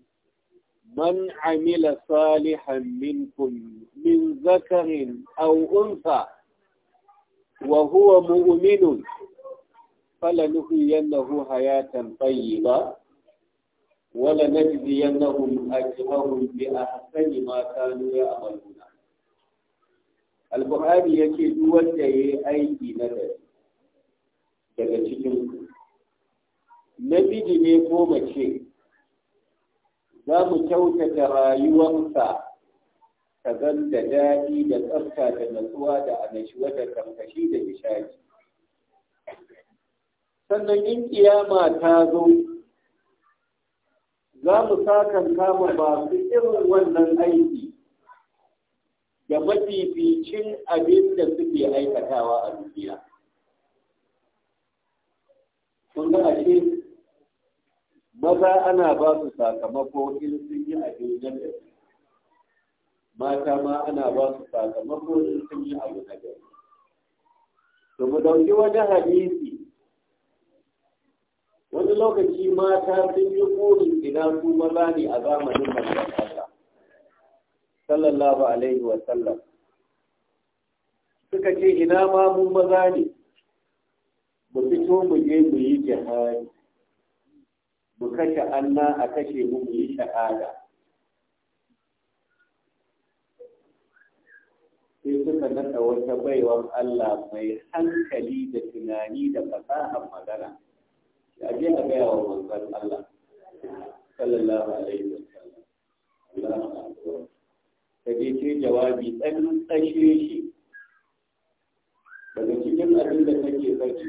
man amila salihan minkum min zakarin aw unsa wa huwa mu'minun falanuhyiyannahu hayatan tayyiba a أجرهم بأحسن ما كانوا يعملون al ya ce duk wanda ya yi aiki na gari daga cikin namiji ne ko mace za mu kyautata rayuwarsa ta zan da daɗi da tsafta da natsuwa da annashuwa da karkashi da nishaɗi sannan in kiyama ta zo za mu sakan ba su irin wannan aiki da mafificin abin da suke aikatawa a duniya. Kun ga ashe maza ana ba su sakamako in sun yi abin da mata ma ana ba su sakamako in sun yi abu na gari. To mu dauki wani hadisi wani lokaci mata sun yi burin ina su maza ne a zamanin mallaka sallallahu alaihi wa sallam suka ce ina ma mun maza ne mu fito mu je mu yi jihadi mu kashe anna a kashe mu mu yi shahada sai suka nada wata baiwan Allah mai hankali da tunani da fasahar magana a je a gaya wa manzon Allah sallallahu kashe shi daga cikin abin da take zaki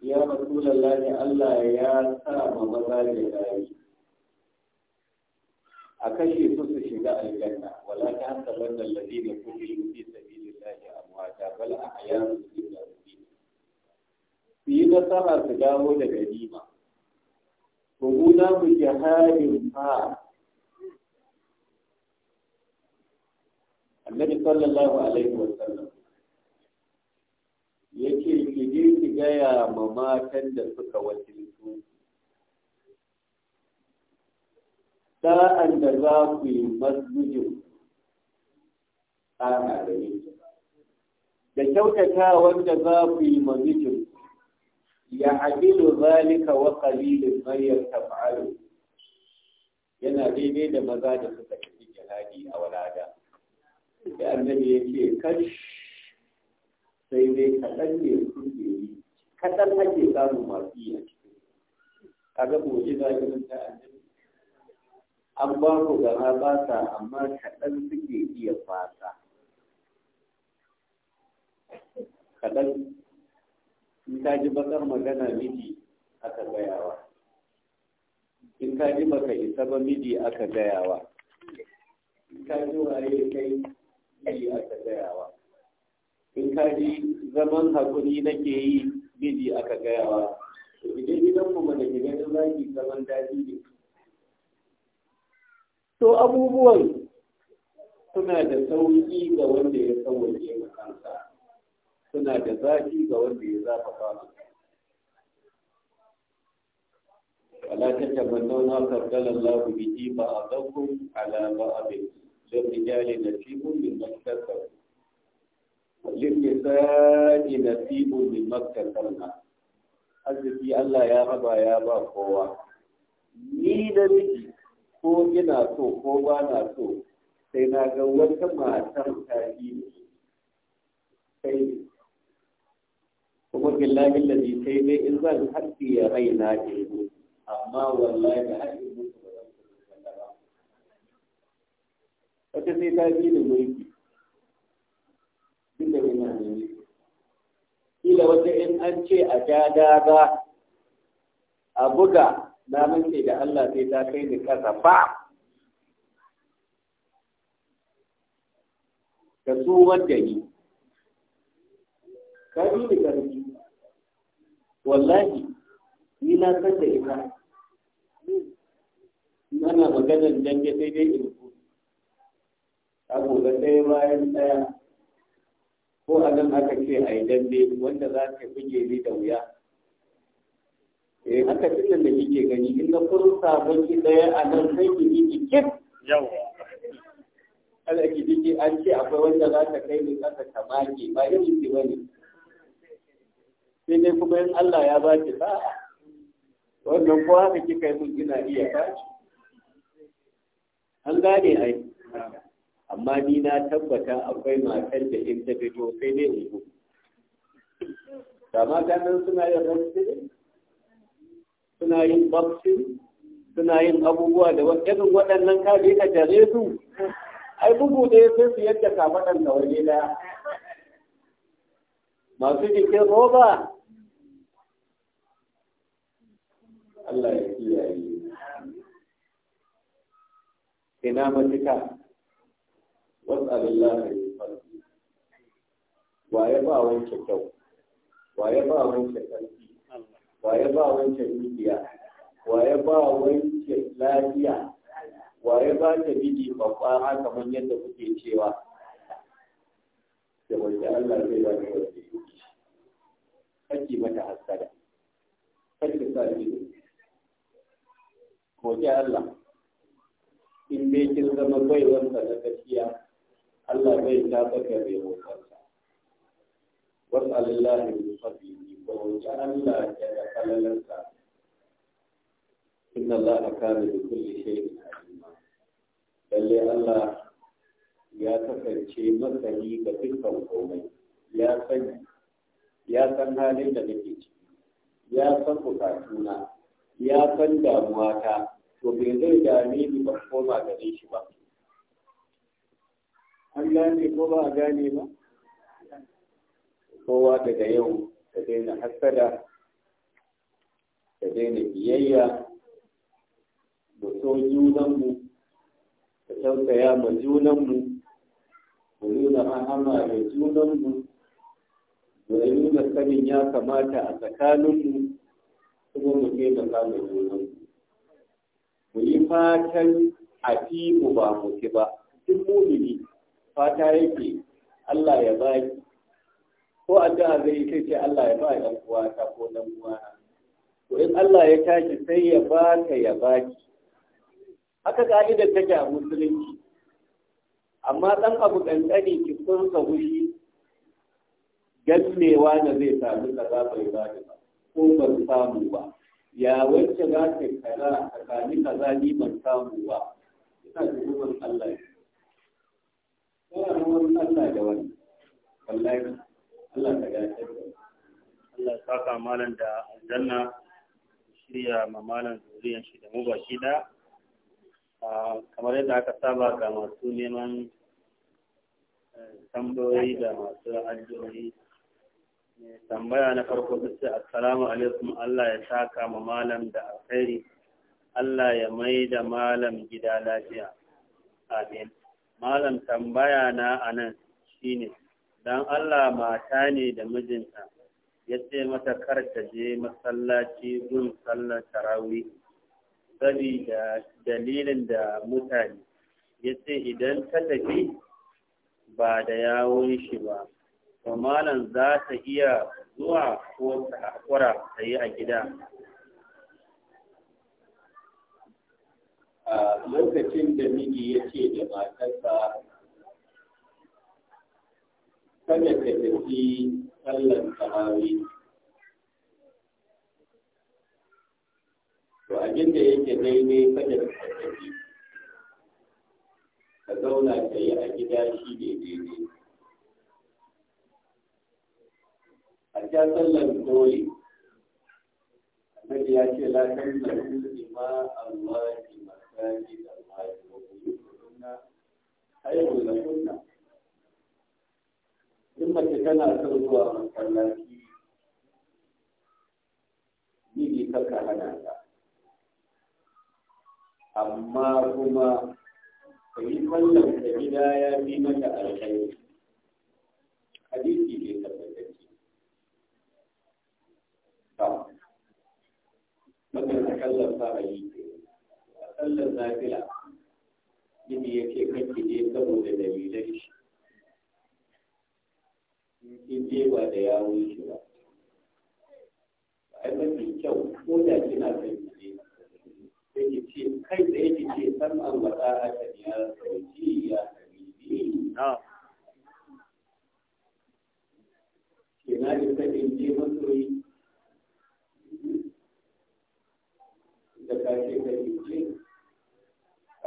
ya rasulallahi Allah ya sa ma maza da rayu a kashe su su shiga aljanna wala ta hanta wannan ladina kufiru fi sabilillahi amwata bal ahyanu a rabbi su yi nasara su dawo da ganima ko mu jihadin fa annabi sallallahu alaihi wasallam ya ce ki je ki gaya ma matan da suka wakiltu sa'an da za ku yi masjidin ana da da kyautata wanda za ku yi masjidin ya adilu zalika wa qalilin man taf'alu yana daidai da maza da suka tafi jihadi a walada sai annabi ya ce kash sai dai kaɗan ne kuke yi kaɗan ake samun masu yi a cikin kaga mu'jiza irin ta annabi an ba ku gama ba sa amma kaɗan suke iya fata kaɗan in ka ji bakar magana miji aka gayawa in ka ji baka isa ba miji aka gayawa in ka ji waye kai aka gayawa in ka ji zaman hakuri nake yi biji aka gayawa idan gidan mu da gidan zaki zaman daji ne to abubuwan suna da sauki ga wanda ya sauwaje ma kansa suna da zafi ga wanda ya zafafa su wala ta tabanna lafi biji ba a zaukun ala abinci. للرجال نصيب مما اكتسبوا للنساء نصيب مما اكتسبنا arziki Allah ya raba ya ba kowa ni da miji ko ina so ko ba na so sai na ga wata matar ta yi sai kuma billahi lalli sai dai in zan haɗi ya raina ke amma wallahi da haɗi mutu wata sai ta bi da mulki duk da yana da mulki kila wata in an ce a ja ba a buga na mace da Allah sai ta kai ni kasa ba ka tsumar da ni ka bi da karfi wallahi ni na san da ita Nana maganar dange sai dai in abu da ɗaya bayan ɗaya ko a nan aka ce a yi dambe wanda za ka buge ni da wuya eh haka cikin da kike gani in na furta baki ɗaya a nan sai ki ji kif yau. kada ki ji an ce akwai wanda za ta kai ni kasa ta maki ba irin ki bane sai dai kuma in Allah ya ba ki sa'a wannan ko haka kika yi mun gina iya ba an gane ai amma ni na tabbata akwai matar da in ta fito sai ne in zo kama ganin suna yin rantsi suna yin boxing suna yin abubuwa da irin waɗannan kaji ka tare su ai bugu ɗaya sai su yadda kafaɗan da waje ɗaya masu jikin roba Allah ya kiyaye ina matuka was'alin lahari farki waye ba wanke kyau waye ba wanke ƙarfi waye ba wanke dukiya waye ba wanke lafiya waye ba ta bidi babba haka man yadda kuke cewa da wanda Allah zai ba ta wanda ya yi mata hasada kake sa ido ko Allah in dai kin zama baiwar sa na gaskiya Allah zai ta saka mai roƙonsa wasu alillahi min fadlihi ko roƙi Allah daga falalarsa inna za a da kana bi kulli shay'in alima lalle Allah ya kasance masani ga dukkan komai ya sani ya san halin da nake ciki ya san bukatuna ya san damuwata to bai zai dame ni ba koma gare shi ba an gane ko ba a gane ba kowa daga yau ta daina hasada ta daina biyayya mu so junanmu ta tausaya ma junanmu mu nuna ma'ama da junanmu mu nuna sanin ya kamata a tsakaninmu kuma mu da ma junanmu mu yi fatan a fi mu ba mu ci ba duk mumini fata yake Allah ya ba ki ko addu'a zai yi sai Allah ya ba ɗan uwata ko dan uwana to in Allah ya tashi sai ya ba ka ya ba ki haka ka'idar take a musulunci amma ɗan abu ƙanƙani ki ka gushi gannewa da zai samu kaza bai ba ba ko ban samu ba ya wacce za ta kaza tsakanin kaza ni ban samu ba ina da Allah ya Suna nan wurin Allah da wani. Wallahi, Allah ta gashi. Allah ya saka malam da aljanna shirya ma malam zuriyan shi da mu baki da kamar yadda aka saba ga masu neman eh, tambayoyi da masu addu'o'i tambaya na farko ta ce assalamu alaikum Allah ya saka ma malam da alkhairi Allah ya mai da malam gida lafiya amin malam tambaya na a nan shine don Allah mata ne da mijinta ya ce mata kar ta je masallaci gun sallar tarawih saboda dalilin da mutane ya ce idan ta tafi ba da yawon shi ba to malam za ta iya zuwa ko ta hakura ta yi a gida lokacin da miji ya ce da matarsa kada ka tafi sallan tarawih to abin da yake daidai kada ka tafi ka zauna ka yi a gida shi ne daidai a ta sallan dole Annabi ya ce la tanzuru ma Allah الثاني الغاية وبيوتهن خير لهن ثم ta amma kuma kai yi wannan ka gida ya fi mata alkhairi hadisi ne tabbatacce ta mutum a kallon sa a yi sallar nafila yadda yake kanki je saboda dalilan shi in je ba da yawon shi ba ai mafi kyau ko da kina son ki sai ki ce kai da yake ce san an wata a kan ya sauki ya habibi kina isa in je masoyi da kashe kai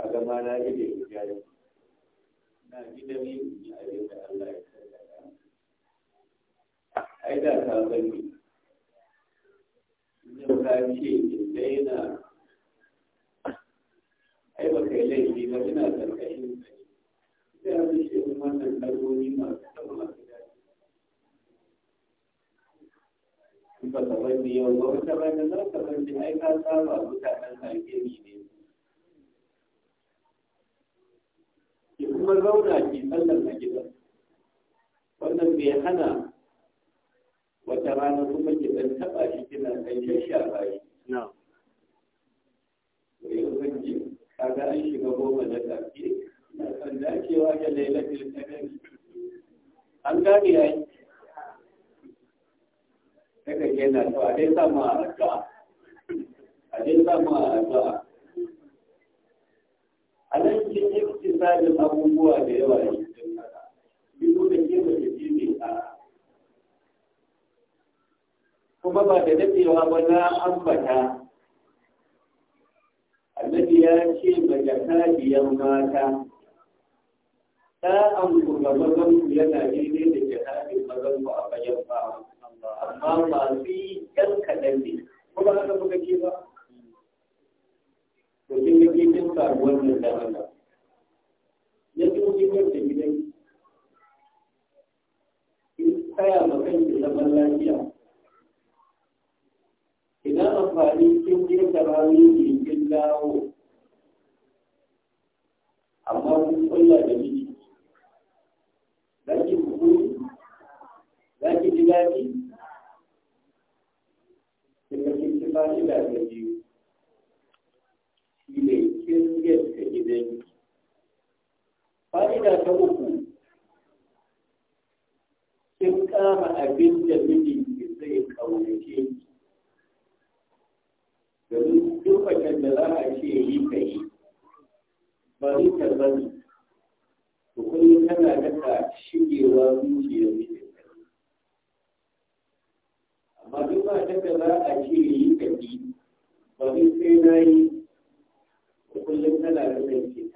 a zama na rage ya yau na ji da ni in yi abin da Allah ya sarrafa ai da ta gani. yau ka ce in daina ai ba kai laifi ba ina karkashin kai sai a fi shi wannan kalmomi masu kyau masu daɗi ba ka bani yau ba wata bani za ka bani ai ka saba mutanen Najeriya ne kuma zauna ke tsallar a gida wannan bai hana wata rana kuma ke dan taba shi kina dan ba shi na wai kun ji kaga an shiga goma na kafi na san dacewa da lailatul qadr an gane yayi daga kenan to a dai sama a addu'a a dai sama a addu'a a nan cikin iktisadin abubuwa da yawa ne cikin kasa biyu da ke mace ce ne a kuma ba da dadewa ba na ambata annabi ya ce ba jakadiyar mata ta amuru ga mazan ku yana daidai da jakadin mazan ku a bayan ba amma masu yi yan kaɗan ne kuma haka kuka ce ba to kin ga kin faruwar da ta Allah na ji kin ga da gidan in tsaya ma kan ki zaman lafiya ina amfani kin je tarawi ki kin dawo amma kun kulla da miji zaki ku zaki ji daɗi kin ga kin ci da biyu gaskiya suka izini fa'ida ta uku kin kama abin da miji zai kaunace ki domin duk wajen da za a ce yi ka yi bari ta bari to kullum tana daga shigewa zuciyar miji amma duk wajen da za a ce yi ka yi bari sai na yi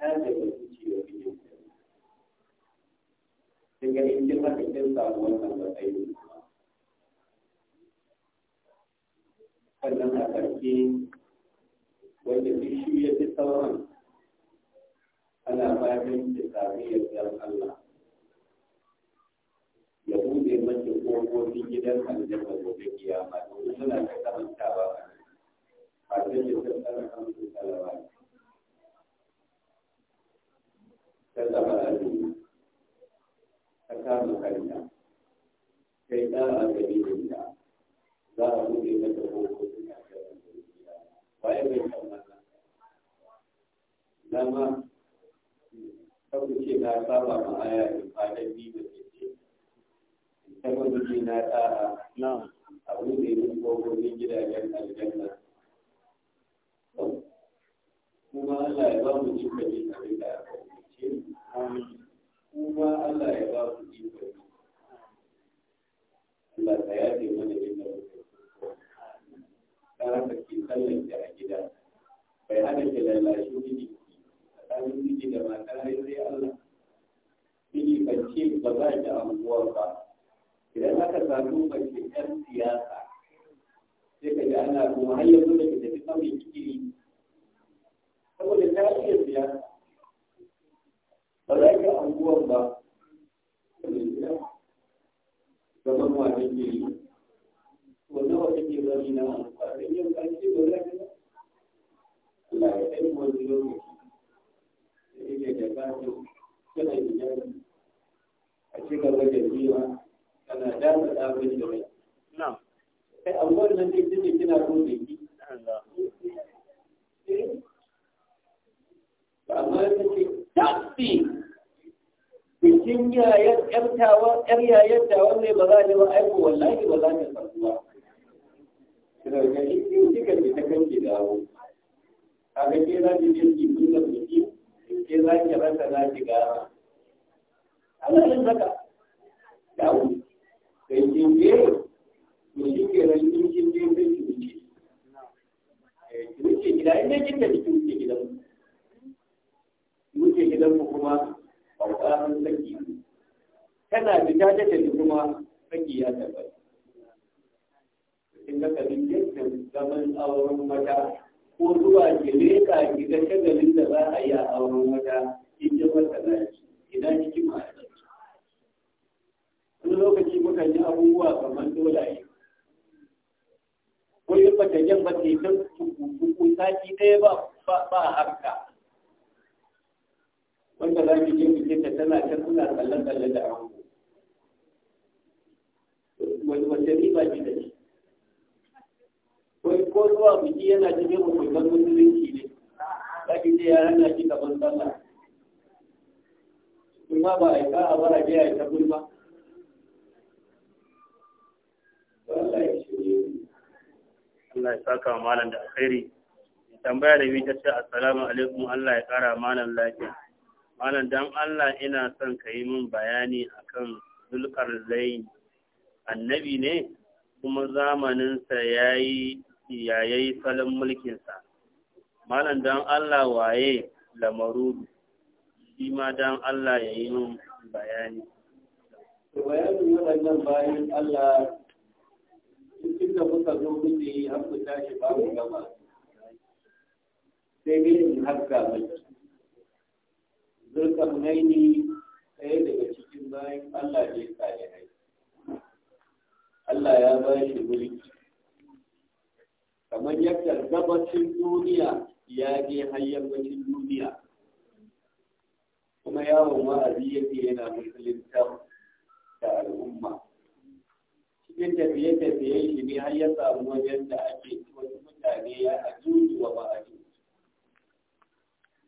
hajjar da su ci da su sai ga in kin haka kin samu wannan matsayi sannan a ƙarshe wanda ya fi ana fatan da sami Allah ya buɗe mace ƙofofin gidan aljanna gobe kiyama domin suna ta kamantawa a nan fatan da ta ta zama azumi ta kama kanta sai tsara dalilin da za a buɗe mata hukuncin a cikin duniya waye mai san wannan dama ce na saba ma aya in fadan bi da ce ta mabuji na tsara a buɗe min kofofin gidajen aljanna kuma Allah ya ba mu cikin abin da aka yi kuma Allah ya ba ku iko Allah ta yaje mana inda kuke ta haka ki tsallake a gida bai hada ki lallashi miji tsakanin miji da mata sai Allah miji bace ba za ki anguwa ba idan aka samu bace ɗan siyasa sai ka ji ana kuma har yanzu da ki tafi kan mai kiri saboda ta iya siyasa ba za ka anguwar ba gaban wa yi wanda ke zami na yin ya lokaci da yake da kana a wajen kana ɗafin da rai. Kai nan ne kina so da eh? Ba amma tabbi bikin yartawa yaryayyatawa ne ba za a ba aiko wallahi ba za ni fasuwa kira ga shi kika ki ta kan ke dawo a ga ke za ki je ki buga biki ke za ki rasa na ki gara Allah yin haka dawo kai ke je to shi ke ran kin kin je sai ki wuce eh, ki wuce gida in kin da kin wuce gidan wuce gidanmu kuma ƙwarƙwarin saki tana da ta tafi kuma saki ya tabbata cikin nakalin yadda zaman auren mata ko zuwa ke leƙa gidan shagalin da za a yi a auren mata in ji wata lafi idan cikin masu wani lokaci muka ji abubuwa kamar dolaye ko yi ta jan ba ta yi ta sati ɗaya ba a harka wanda za ki je ku je ta tana ta suna kallon tsalle da ango wani wace riba ce da shi ko zuwa biki yana cikin ban musulunci ne za ki ce ya hana shi gaban sallah kuma ba a ka a bara je a yi ta gulma Allah ya saka malam da alkhairi tambaya da bi ta ce assalamu alaikum Allah ya kara malam lafiya malam dan Allah ina son ka yi min bayani akan zulkar zain annabi ne kuma zamaninsa ya yi yayayi salon mulkinsa malam dan Allah waye lamarudu shi ma dan Allah ya yi min bayani bayanin waɗannan bayan Allah cikin da muka zo kuke yi har ku tashi babu gama sai gini haka mai zulkarnaini ɗaya daga cikin bayan Allah ne Allah ya ba shi mulki kamar yadda gabacin duniya ya je har yammacin duniya kuma yawon wa'azi yake yana musulunta da al'umma cikin tafiye-tafiye shi ne har ya samu wajen da ake wasu mutane ya ajuju wa ma'aji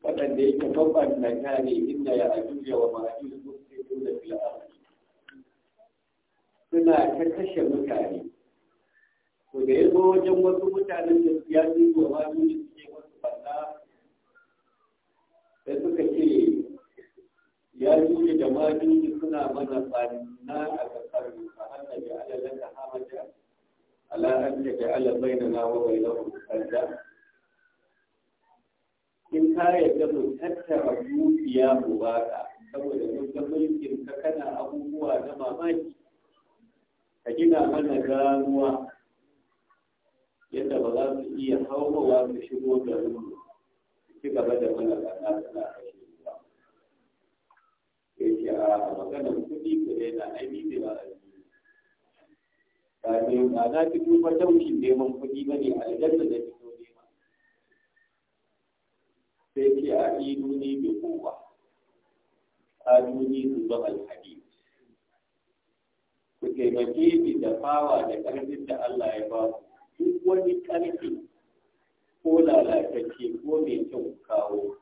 waɗanda yake babban na kare inda ya ajuja wa ma'ajuj musulmi da fil'arki suna ta kashe mutane to da ya zo wajen wasu mutanen da ya yi wa ma'ajuj suke wasu banna sai suka ce ya juje da ma'ajuj suna mana banna a ƙasar a hannun da alalaka hamada ala an ta ja'ala bainana wa bainahum sadda in ka yarda mu tattara dukiya mu baka saboda mun ga mulkin ka kana abubuwa na mamaki ka gina mana ganuwa yadda ba za su iya hauhawa su shigo da mu ci gaba da mana kana kana kashe ruwa yake a maganar kuɗi ku na aini da ba ba ne ba za fi duba taushin neman kuɗi ba ne a da sai ce a iduni bi kowa duni su ba alhadi ku taimake ni da fawa da ƙarfin da Allah ya ba ku duk wani ƙarfi ko lalatacce ko mai kyau kawo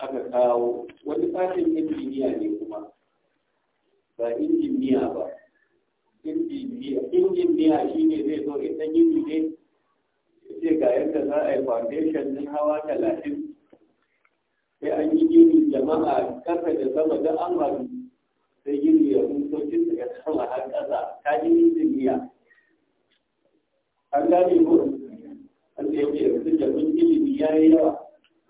aka kawo wani sashen injiniya ne kuma ba injiniya ba injiniya shi ne zai zo ya ɗan yi ne ce ga yadda za a yi foundation din hawa talatin sai an yi gini jama'a kasa da sama da amadu sai gini ya mutocin daga sama har ƙasa ta yi injiniya an gane ko an da yake yanzu jamin gini ya yi yawa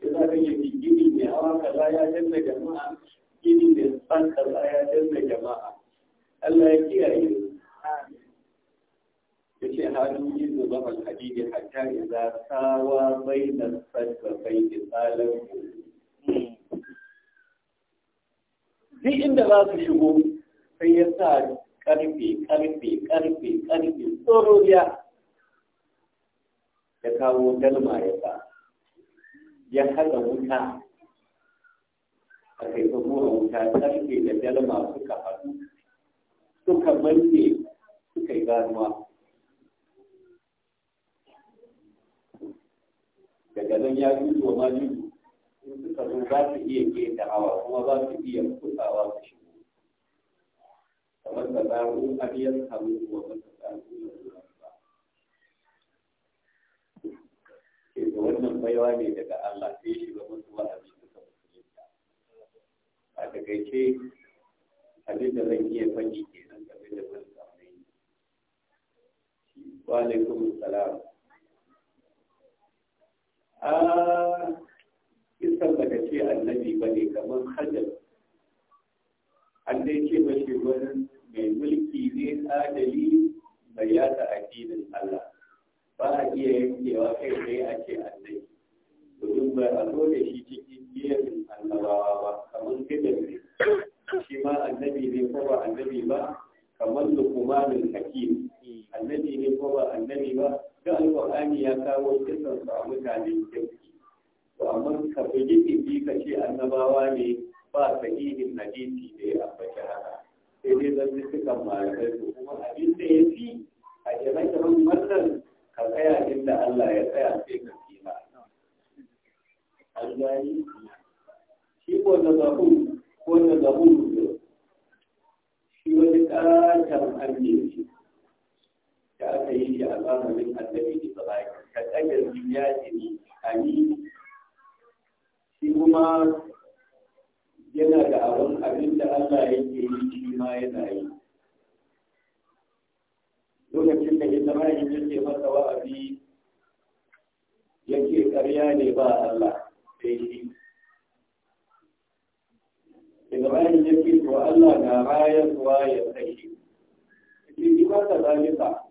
ya za ka yi gini mai hawa kaza ya danna jama'a gini mai san kaza ya danna jama'a Allah ya kiyaye yace hadu izu ba al hadidi hatta idza sawa baina sadbain isalan duk inda za su shigo sai ya sa karfe karfe karfe karfe tsororiya ya kawo dalma ya sa ya haɗa wuta a kai ta gora wuta karfe da dalma suka haɗu suka manne suka yi ganuwa daga nan ya juju wa ma in suka zo za su iya hawa kuma za su iya kusawa su shigo kamar da zaru a biyan samu wa masa zaru zuwa ba ke da wannan baiwa ne daga Allah sai musu a takaice abin da zan iya da wani yi wa alaikum salam ba daga ce annabi ba ne kamar hajjar an dai ce mashi wani mai mulki ne adali mai yata addinin Allah ba a iya yankewa kai sai a ce annabi domin ba a zo da shi cikin jerin annabawa ba kamar hajjar ne shi ma annabi ne ko ba annabi ba kamar lukumanin hakim annabi ne ko ba annabi ba ga alƙur'ani ya kawo kisan sa mutane ka fi inji ka ce annabawa ne ba sahihin hadisi da ya ambaci haka sai dai zan kan malamai su kuma abin da ya fi a ire-iren wannan ka tsaya inda Allah ya tsaya sai ka fi an Allah shi ko na zahu ko na zahu shi wani ƙaton annabi da aka yi shi a zamanin annabi Ibrahim ka tsaga ziyaji ne a ni shi kuma yana da abin abin da Allah yake yi shi ma yana yi lokacin da ita mahaifin yake masa wa'azi yake ƙarya ne ba Allah sai shi Ibrahim yake to Allah na bayan rayarwa ya kashe shi ba ta zalika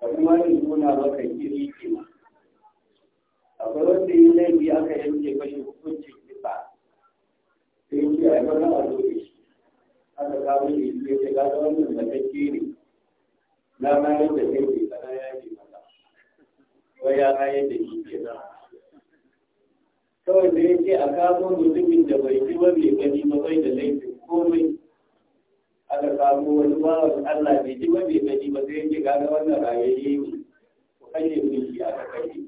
kamar nuna maka kiri kima akwai wanda yi laifi aka yanke mashi hukuncin kisa sai yi a yi wani a zobe shi aka kawo shi sai ta gasa wannan matacce ne na ma yadda sai ke kana yaji mata wai ya ma da shi ke nan kawai da ce a kamo mutumin da bai ji ba bai gani ba bai da laifin komai aka samu wani bawan Allah bai ji ba bai gani ba sai yake gaga wannan rayayye ne ku kashe mishi aka kashe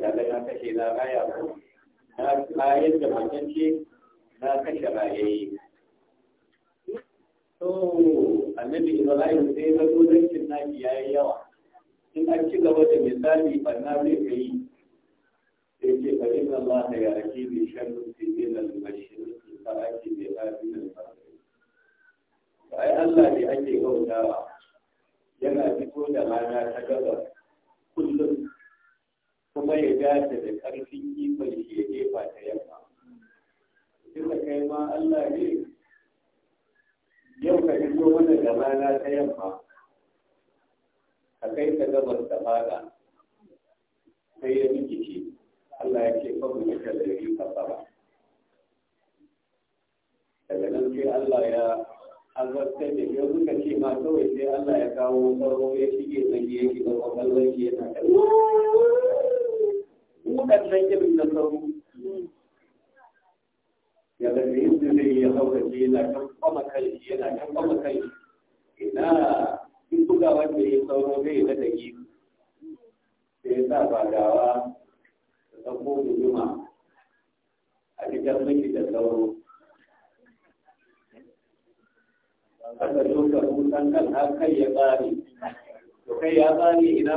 daga da na kashe na raya ko na rayar da matacce na kashe rayayi to annabi ibrahim sai ga dozancin naki yayi yawa in an ci gaba da misali banna zai kai sai ce fa inna allah ya raki bi sharri fi min al mashriqi fa aki bi hadin al maghrib ai allah ne ake bautawa yana fito da rana ta gaba kullum kuma ya dace da ƙarfin ikon shi ya jefa ta yamma da kai ma Allah ne yau ka fito mana da rana ta yamma a kai ka gabas da fada sai ya rikice Allah ya ce kawai da kallari ka fara. daga nan sai Allah ya azarta da yau suka ce ma kawai sai Allah ya kawo sauro ya shige zage yake da kwakwalwar yana da waɗannan irin yanzu zai ya haukace yana kan kai ina in bugawa da ya sauro da yi sai sa fadawa da ɗauko guduma a fitar miki da sauro aka doka kusan kan har kai ya to kai ya ina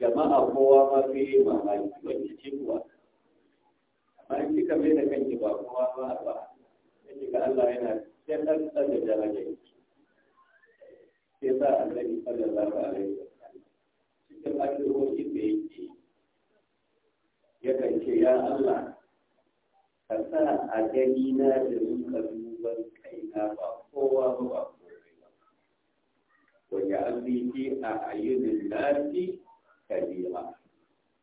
jama'a kowa ma fi yi mamaki wani ce kuwa amma in kika mai da kanki ba kowa ba ba in kika Allah yana sai ɗan ɗan da jama'a yake sai sa annabi sallallahu alaihi wasallam cikin addu'o'i da yake yakan ce ya Allah ka sa a gani na da nuka duban kaina ba kowa ba ba kowai ba wa a fi a'yunin nasi kabira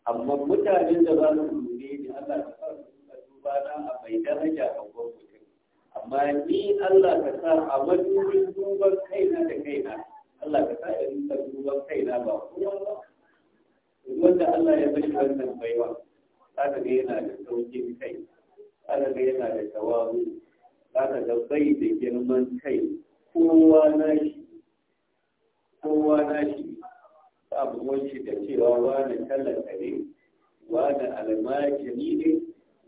amma mutanen da za su dube ni Allah ka sa su ka duba na a mai daraja a gwamnati mutum amma ni Allah ka sa a madubin duban kaina da kaina Allah ka sa ya rinka duban kaina ba kuma ba wanda Allah ya bashi wannan baiwa ka ga yana da saukin kai ka ga yana da tawabu, zaka ga bai da girman kai kowa na shi kowa na shi ba ruwan shi da cewa wani talaka ne wani almajiri ne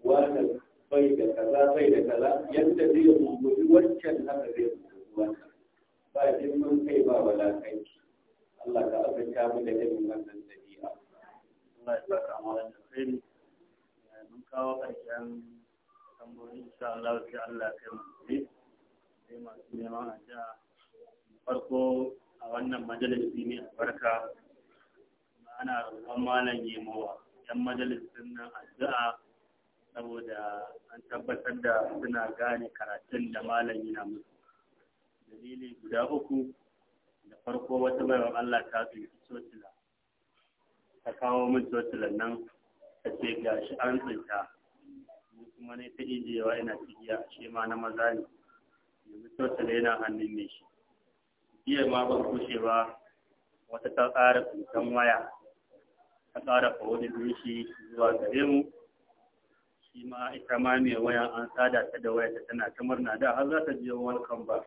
wani bai da kaza bai da kaza yadda zai rubuci wancan haka zai rubuci wannan ba jirgin kai ba walakanci Allah ka azanta mu da irin wannan dabi'a Allah ya saka mu da alheri mun kawo ƙarshen tambayoyi insha Allah sai Allah ya kai mu sai masu neman a farko a wannan majalisi ne farka. ana roƙon malam yemowa yan majalisun nan addu'a saboda an tabbatar da suna gane karatun da malam yana musu dalili guda uku da farko wata bayan Allah ta tsinci cocila ta kawo min cocilan nan ta ce ga shi an tsinta kuma ne ta ijiyewa ina cikiya shi ma na maza ne yanzu cocila yana hannun ne shi jiya ma ban kushe ba wata ta tsara tsintan waya ta ƙara wani shi zuwa gare mu shi ma ita ma mai wayan an sada ta da ta tana ta murna da har za ta je welcome back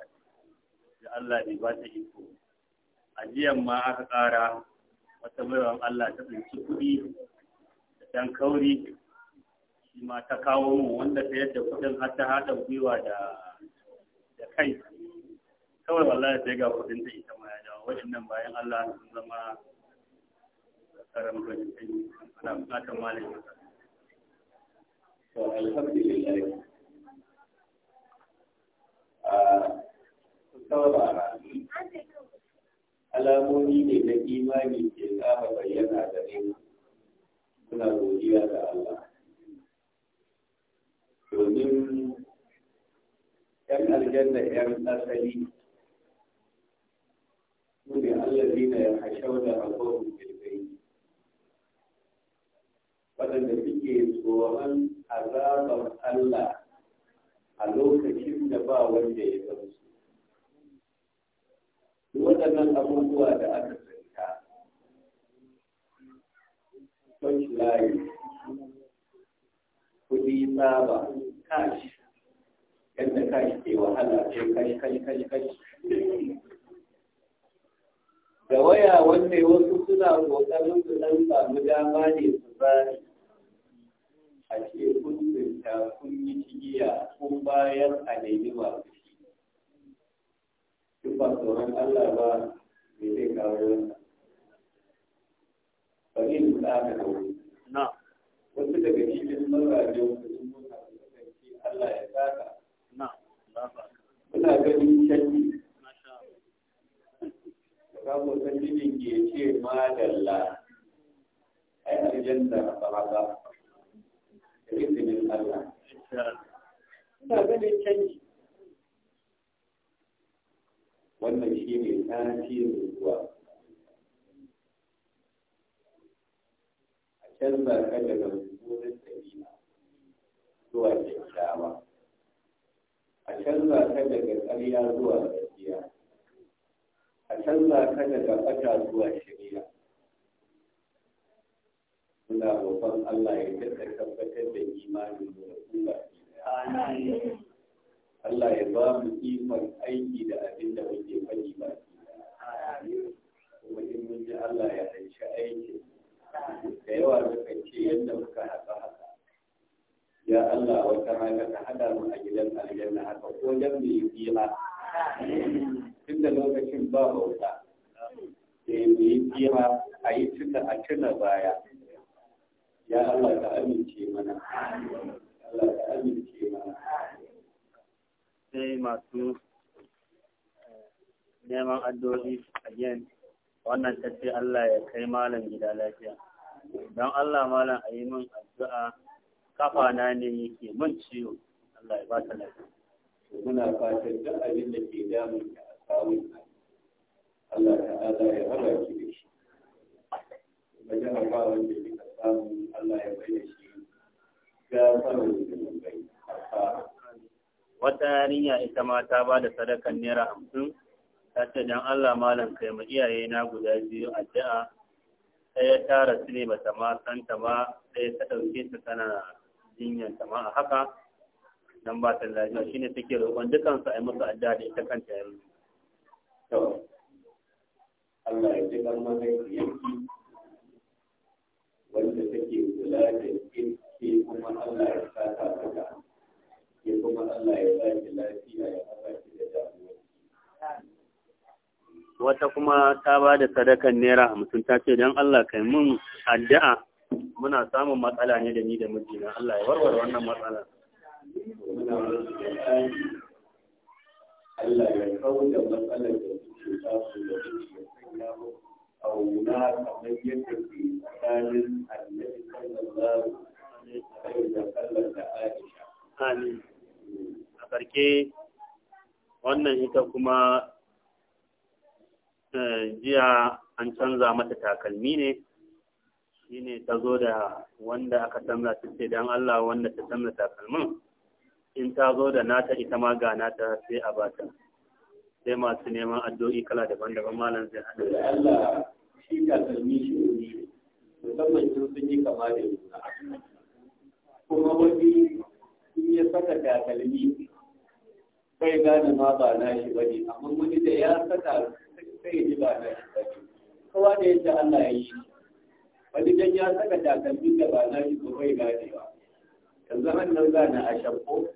da Allah bai ba ta iko ajiyan ma aka ƙara wata baiwan Allah ta tsinci kuɗi da ɗan kauri shi ma ta kawo mu wanda ta yadda kuɗin har ta haɗa gwiwa da da kai kawai wallahi sai ga kuɗin ta ita ma ya dawo waɗannan bayan Allah sun zama karan malami alamomi ne na imani ke kama bayyana da mu suna godiya da Allah domin ‘yan aljanna ‘yan asali su ne Allah na ya hashau da rabon waɗanda suke tsoron azabar Allah a lokacin da ba wanda ya san su. Duk waɗannan abubuwa da aka tsinka, kwanci layi, kuɗi tsaba, kashi, yadda kashi ke wahala ce kashi kashi kashi kashi. Da waya wanda wasu suna ƙoƙarin su ɗan samu dama ne su bari a ce kun kun yi cigiya kun bayar a nemi masu shi duk ba tsoron Allah ba me zai kawo wannan bari in tsaka wasu daga cikin mazajen su sun mutu Allah ya tsaka muna ganin canji ka mutum ke ce madalla ai aljanna salata da izinin Allah ina ganin canji wannan shi ne tasirin ruwa a canza ka daga mummunan ɗabi'a zuwa kyakkyawa a canza ka daga ƙarya zuwa gaskiya a canza ka daga ɓata zuwa shirya. Ina roƙon Allah ya daɗa tabbatar da imanin mu da Allah ya ba mu ikon aiki da abin da muke faɗi ba kuma in mun ji Allah ya aiki aiki da yawa muka ce yadda muka haɗa haka ya Allah wata rana ta haɗa mu a gidan na haka ko don mu yi fira tun da lokacin ba bauta sai mu yi fira a yi tuna a tuna baya ya Allah ka amince mana Allah ka amince mana sai masu eh, neman addu'o'i again wannan ta ce Allah ya kai malam gida lafiya don Allah malam a yi min addu'a kafa na ne ke min ciwo Allah ya ba ta lafiya muna fatan duk abin da ke damun ka a samun Allah ta'ala ya raba ki da shi. wata yarinya ita ma ta ba da sadakan naira hamsin ta ce don Allah malam kai ma iyaye na guda biyu addu'a ɗaya ta su ne bata ma san ta ba ɗaya ta ɗauke su tana jinyar ta ma a haka don ba ta lafiya ne take roƙon dukansu a yi musu addu'a da ita kanta yanzu. Allah ya ji wanda take kula da ke kuma Allah ya sa ta fita ke kuma Allah ya sa ki lafiya ya haɗa ki da damuwa wata kuma ta ba da sadakan naira hamsin ta ce don Allah kai mun addu'a muna samun matsala ne da ni da mijina Allah ya warware wannan matsala Allah ya kawo da matsalar da suke tasu da suke sanya muku kamar yadda ke da Aisha. Amin. A karke wannan ita kuma jiya an canza mata takalmi ne shi ne ta zo da wanda aka tamla ta ce don Allah wanda ta tamla takalmin in ta zo da nata ita ma ga nata sai a bata. sai masu neman addu'o'i kala daban-daban malam zai haɗu da Allah shi ka sami shi ne musamman sun sun yi kama da yuna kuma wani ya saka takalmi kai gane ma ba na shi ba ne amma wani da ya saka sai ji ba na shi ba ne kowa da yadda Allah ya yi wani dan ya saka takalmi da ba na shi ba bai gane ba yanzu an nan gane a shampo